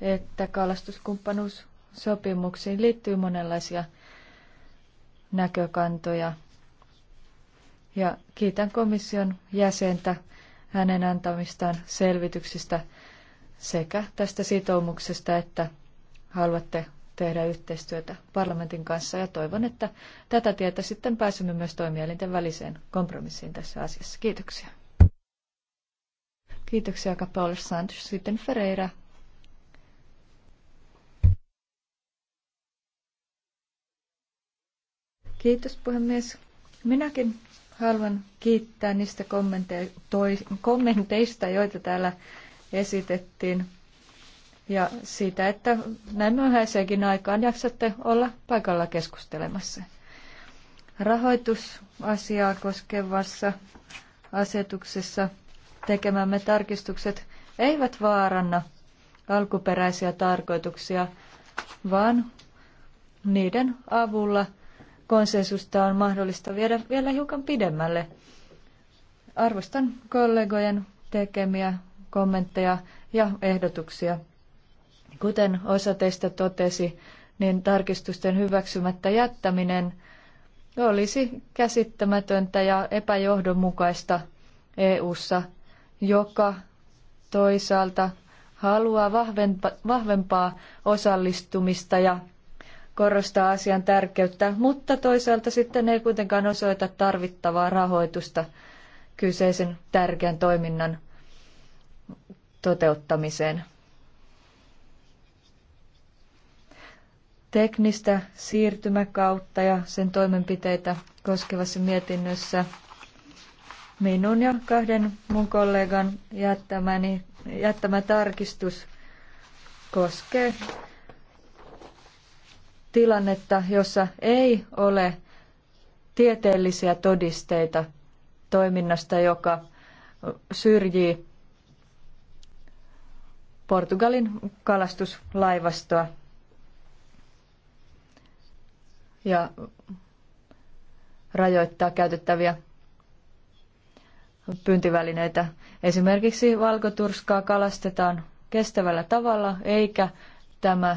B: että kalastuskumppanuussopimuksiin liittyy monenlaisia näkökantoja. Ja kiitän komission jäsentä hänen antamistaan selvityksistä sekä tästä sitoumuksesta, että haluatte tehdä yhteistyötä parlamentin kanssa ja toivon, että tätä tietä sitten pääsemme myös toimielinten väliseen kompromissiin tässä asiassa. Kiitoksia. Kiitoksia Kapaul Santos. Sitten Ferreira. Kiitos puhemies. Minäkin haluan kiittää niistä kommenteista, joita täällä esitettiin. Ja siitä, että näin myöhäiseenkin aikaan jaksatte olla paikalla keskustelemassa. Rahoitusasiaa koskevassa asetuksessa tekemämme tarkistukset eivät vaaranna alkuperäisiä tarkoituksia, vaan niiden avulla konsensusta on mahdollista viedä vielä hiukan pidemmälle. Arvostan kollegojen tekemiä kommentteja ja ehdotuksia. Kuten osa teistä totesi, niin tarkistusten hyväksymättä jättäminen olisi käsittämätöntä ja epäjohdonmukaista EU:ssa joka toisaalta haluaa vahvempaa osallistumista ja korostaa asian tärkeyttä, mutta toisaalta sitten ei kuitenkaan osoita tarvittavaa rahoitusta kyseisen tärkeän toiminnan toteuttamiseen. Teknistä siirtymäkautta ja sen toimenpiteitä koskevassa mietinnössä minun ja kahden mun kollegan jättämäni, jättämä tarkistus koskee tilannetta, jossa ei ole tieteellisiä todisteita toiminnasta, joka syrjii Portugalin kalastuslaivastoa. Ja rajoittaa käytettäviä pyyntivälineitä. Esimerkiksi valkoturskaa kalastetaan kestävällä tavalla, eikä tämä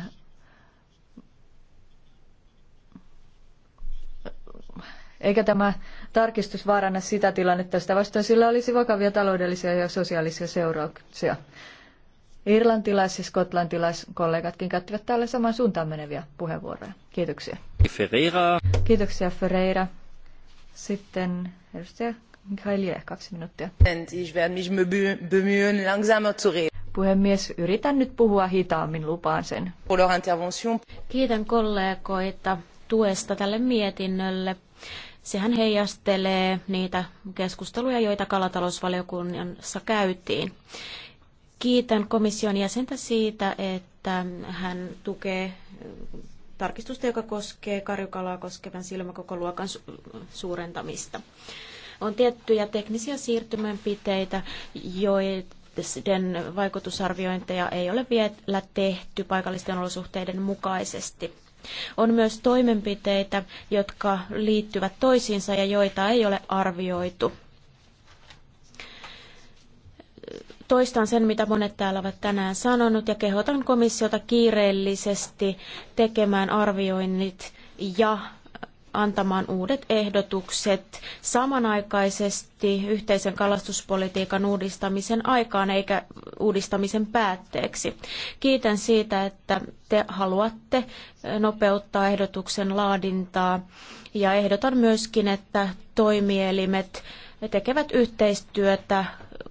B: eikä tämä tarkistus vaaranna sitä tilannetta, sitä vastaan sillä olisi vakavia taloudellisia ja sosiaalisia seurauksia. Irlantilais- ja skotlantilaiskollegatkin käyttivät täällä saman suuntaan meneviä puheenvuoroja. Kiitoksia.
C: Ferreira.
B: Kiitoksia Ferreira. Sitten edustaja kaksi minuuttia. Puhemies, yritän nyt puhua hitaammin, lupaan sen. Kiitän kollegoita
A: tuesta tälle mietinnölle. Sehän heijastelee niitä keskusteluja, joita kalatalousvaliokunnassa käytiin. Kiitän komission jäsentä siitä, että hän tukee tarkistusta, joka koskee karjukalaa koskevan silmäkokoluokan suurentamista. On tiettyjä teknisiä joita sen vaikutusarviointeja ei ole vielä tehty paikallisten olosuhteiden mukaisesti. On myös toimenpiteitä, jotka liittyvät toisiinsa ja joita ei ole arvioitu. Toistan sen, mitä monet täällä ovat tänään sanonut ja kehotan komissiota kiireellisesti tekemään arvioinnit ja antamaan uudet ehdotukset samanaikaisesti yhteisen kalastuspolitiikan uudistamisen aikaan eikä uudistamisen päätteeksi. Kiitän siitä, että te haluatte nopeuttaa ehdotuksen laadintaa ja ehdotan myöskin, että toimielimet tekevät yhteistyötä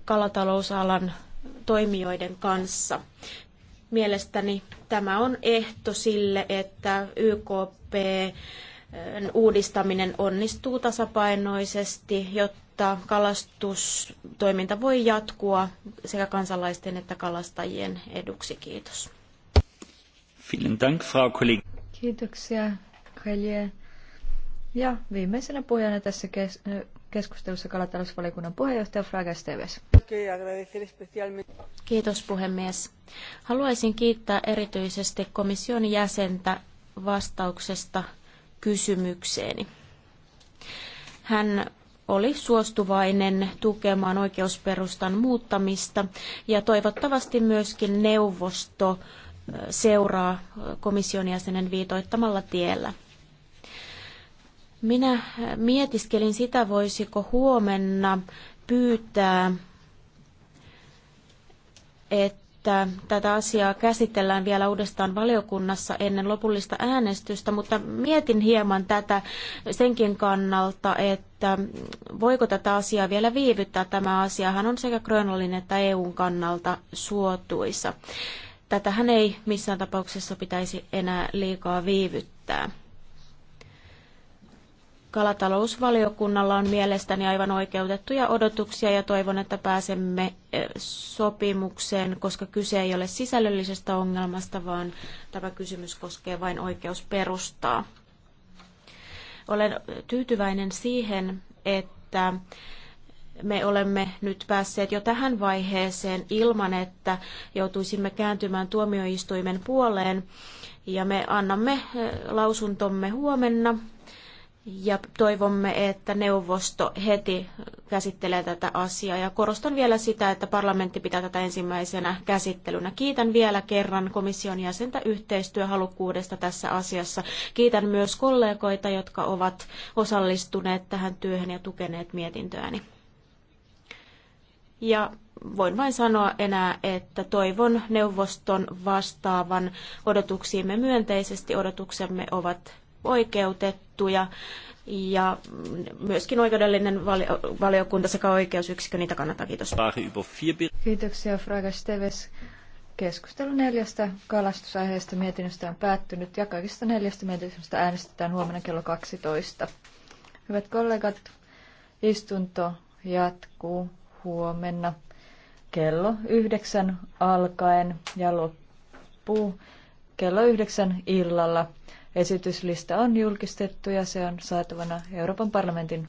A: kalatalousalan toimijoiden kanssa. Mielestäni tämä on ehto sille, että YKP uudistaminen onnistuu tasapainoisesti, jotta kalastustoiminta voi jatkua sekä kansalaisten että kalastajien eduksi.
C: Kiitos.
B: Kiitoksia, Helje. Ja viimeisenä puhujana tässä kes- keskustelussa kalatalousvaliokunnan puheenjohtaja Fraga Steves. Kiitos puhemies.
A: Haluaisin kiittää erityisesti komission jäsentä vastauksesta kysymykseeni. Hän oli suostuvainen tukemaan oikeusperustan muuttamista ja toivottavasti myöskin neuvosto seuraa komission jäsenen viitoittamalla tiellä. Minä mietiskelin sitä, voisiko huomenna pyytää, että että tätä asiaa käsitellään vielä uudestaan valiokunnassa ennen lopullista äänestystä, mutta mietin hieman tätä senkin kannalta, että voiko tätä asiaa vielä viivyttää. Tämä asiahan on sekä Grönlannin että EUn kannalta suotuisa. Tätähän ei missään tapauksessa pitäisi enää liikaa viivyttää. Kalatalousvaliokunnalla on mielestäni aivan oikeutettuja odotuksia ja toivon, että pääsemme eh, sopimukseen, koska kyse ei ole sisällöllisestä ongelmasta, vaan tämä kysymys koskee vain oikeusperustaa. Olen tyytyväinen siihen, että me olemme nyt päässeet jo tähän vaiheeseen ilman, että joutuisimme kääntymään tuomioistuimen puoleen. Ja me annamme eh, lausuntomme huomenna ja toivomme, että neuvosto heti käsittelee tätä asiaa. Ja korostan vielä sitä, että parlamentti pitää tätä ensimmäisenä käsittelynä. Kiitän vielä kerran komission jäsentä yhteistyöhalukkuudesta tässä asiassa. Kiitän myös kollegoita, jotka ovat osallistuneet tähän työhön ja tukeneet mietintöäni. Ja voin vain sanoa enää, että toivon neuvoston vastaavan odotuksiimme myönteisesti. Odotuksemme ovat oikeutettuja ja myöskin oikeudellinen valiokunta sekä oikeusyksikkö niitä kannattaa. Kiitos.
B: Kiitoksia Fraga Steves. Keskustelu neljästä kalastusaiheesta mietinnöstä on päättynyt ja kaikista neljästä mietinnöstä äänestetään huomenna kello 12. Hyvät kollegat, istunto jatkuu huomenna kello yhdeksän alkaen ja loppuu kello yhdeksän illalla. Esityslista on julkistettu ja se on saatavana Euroopan parlamentin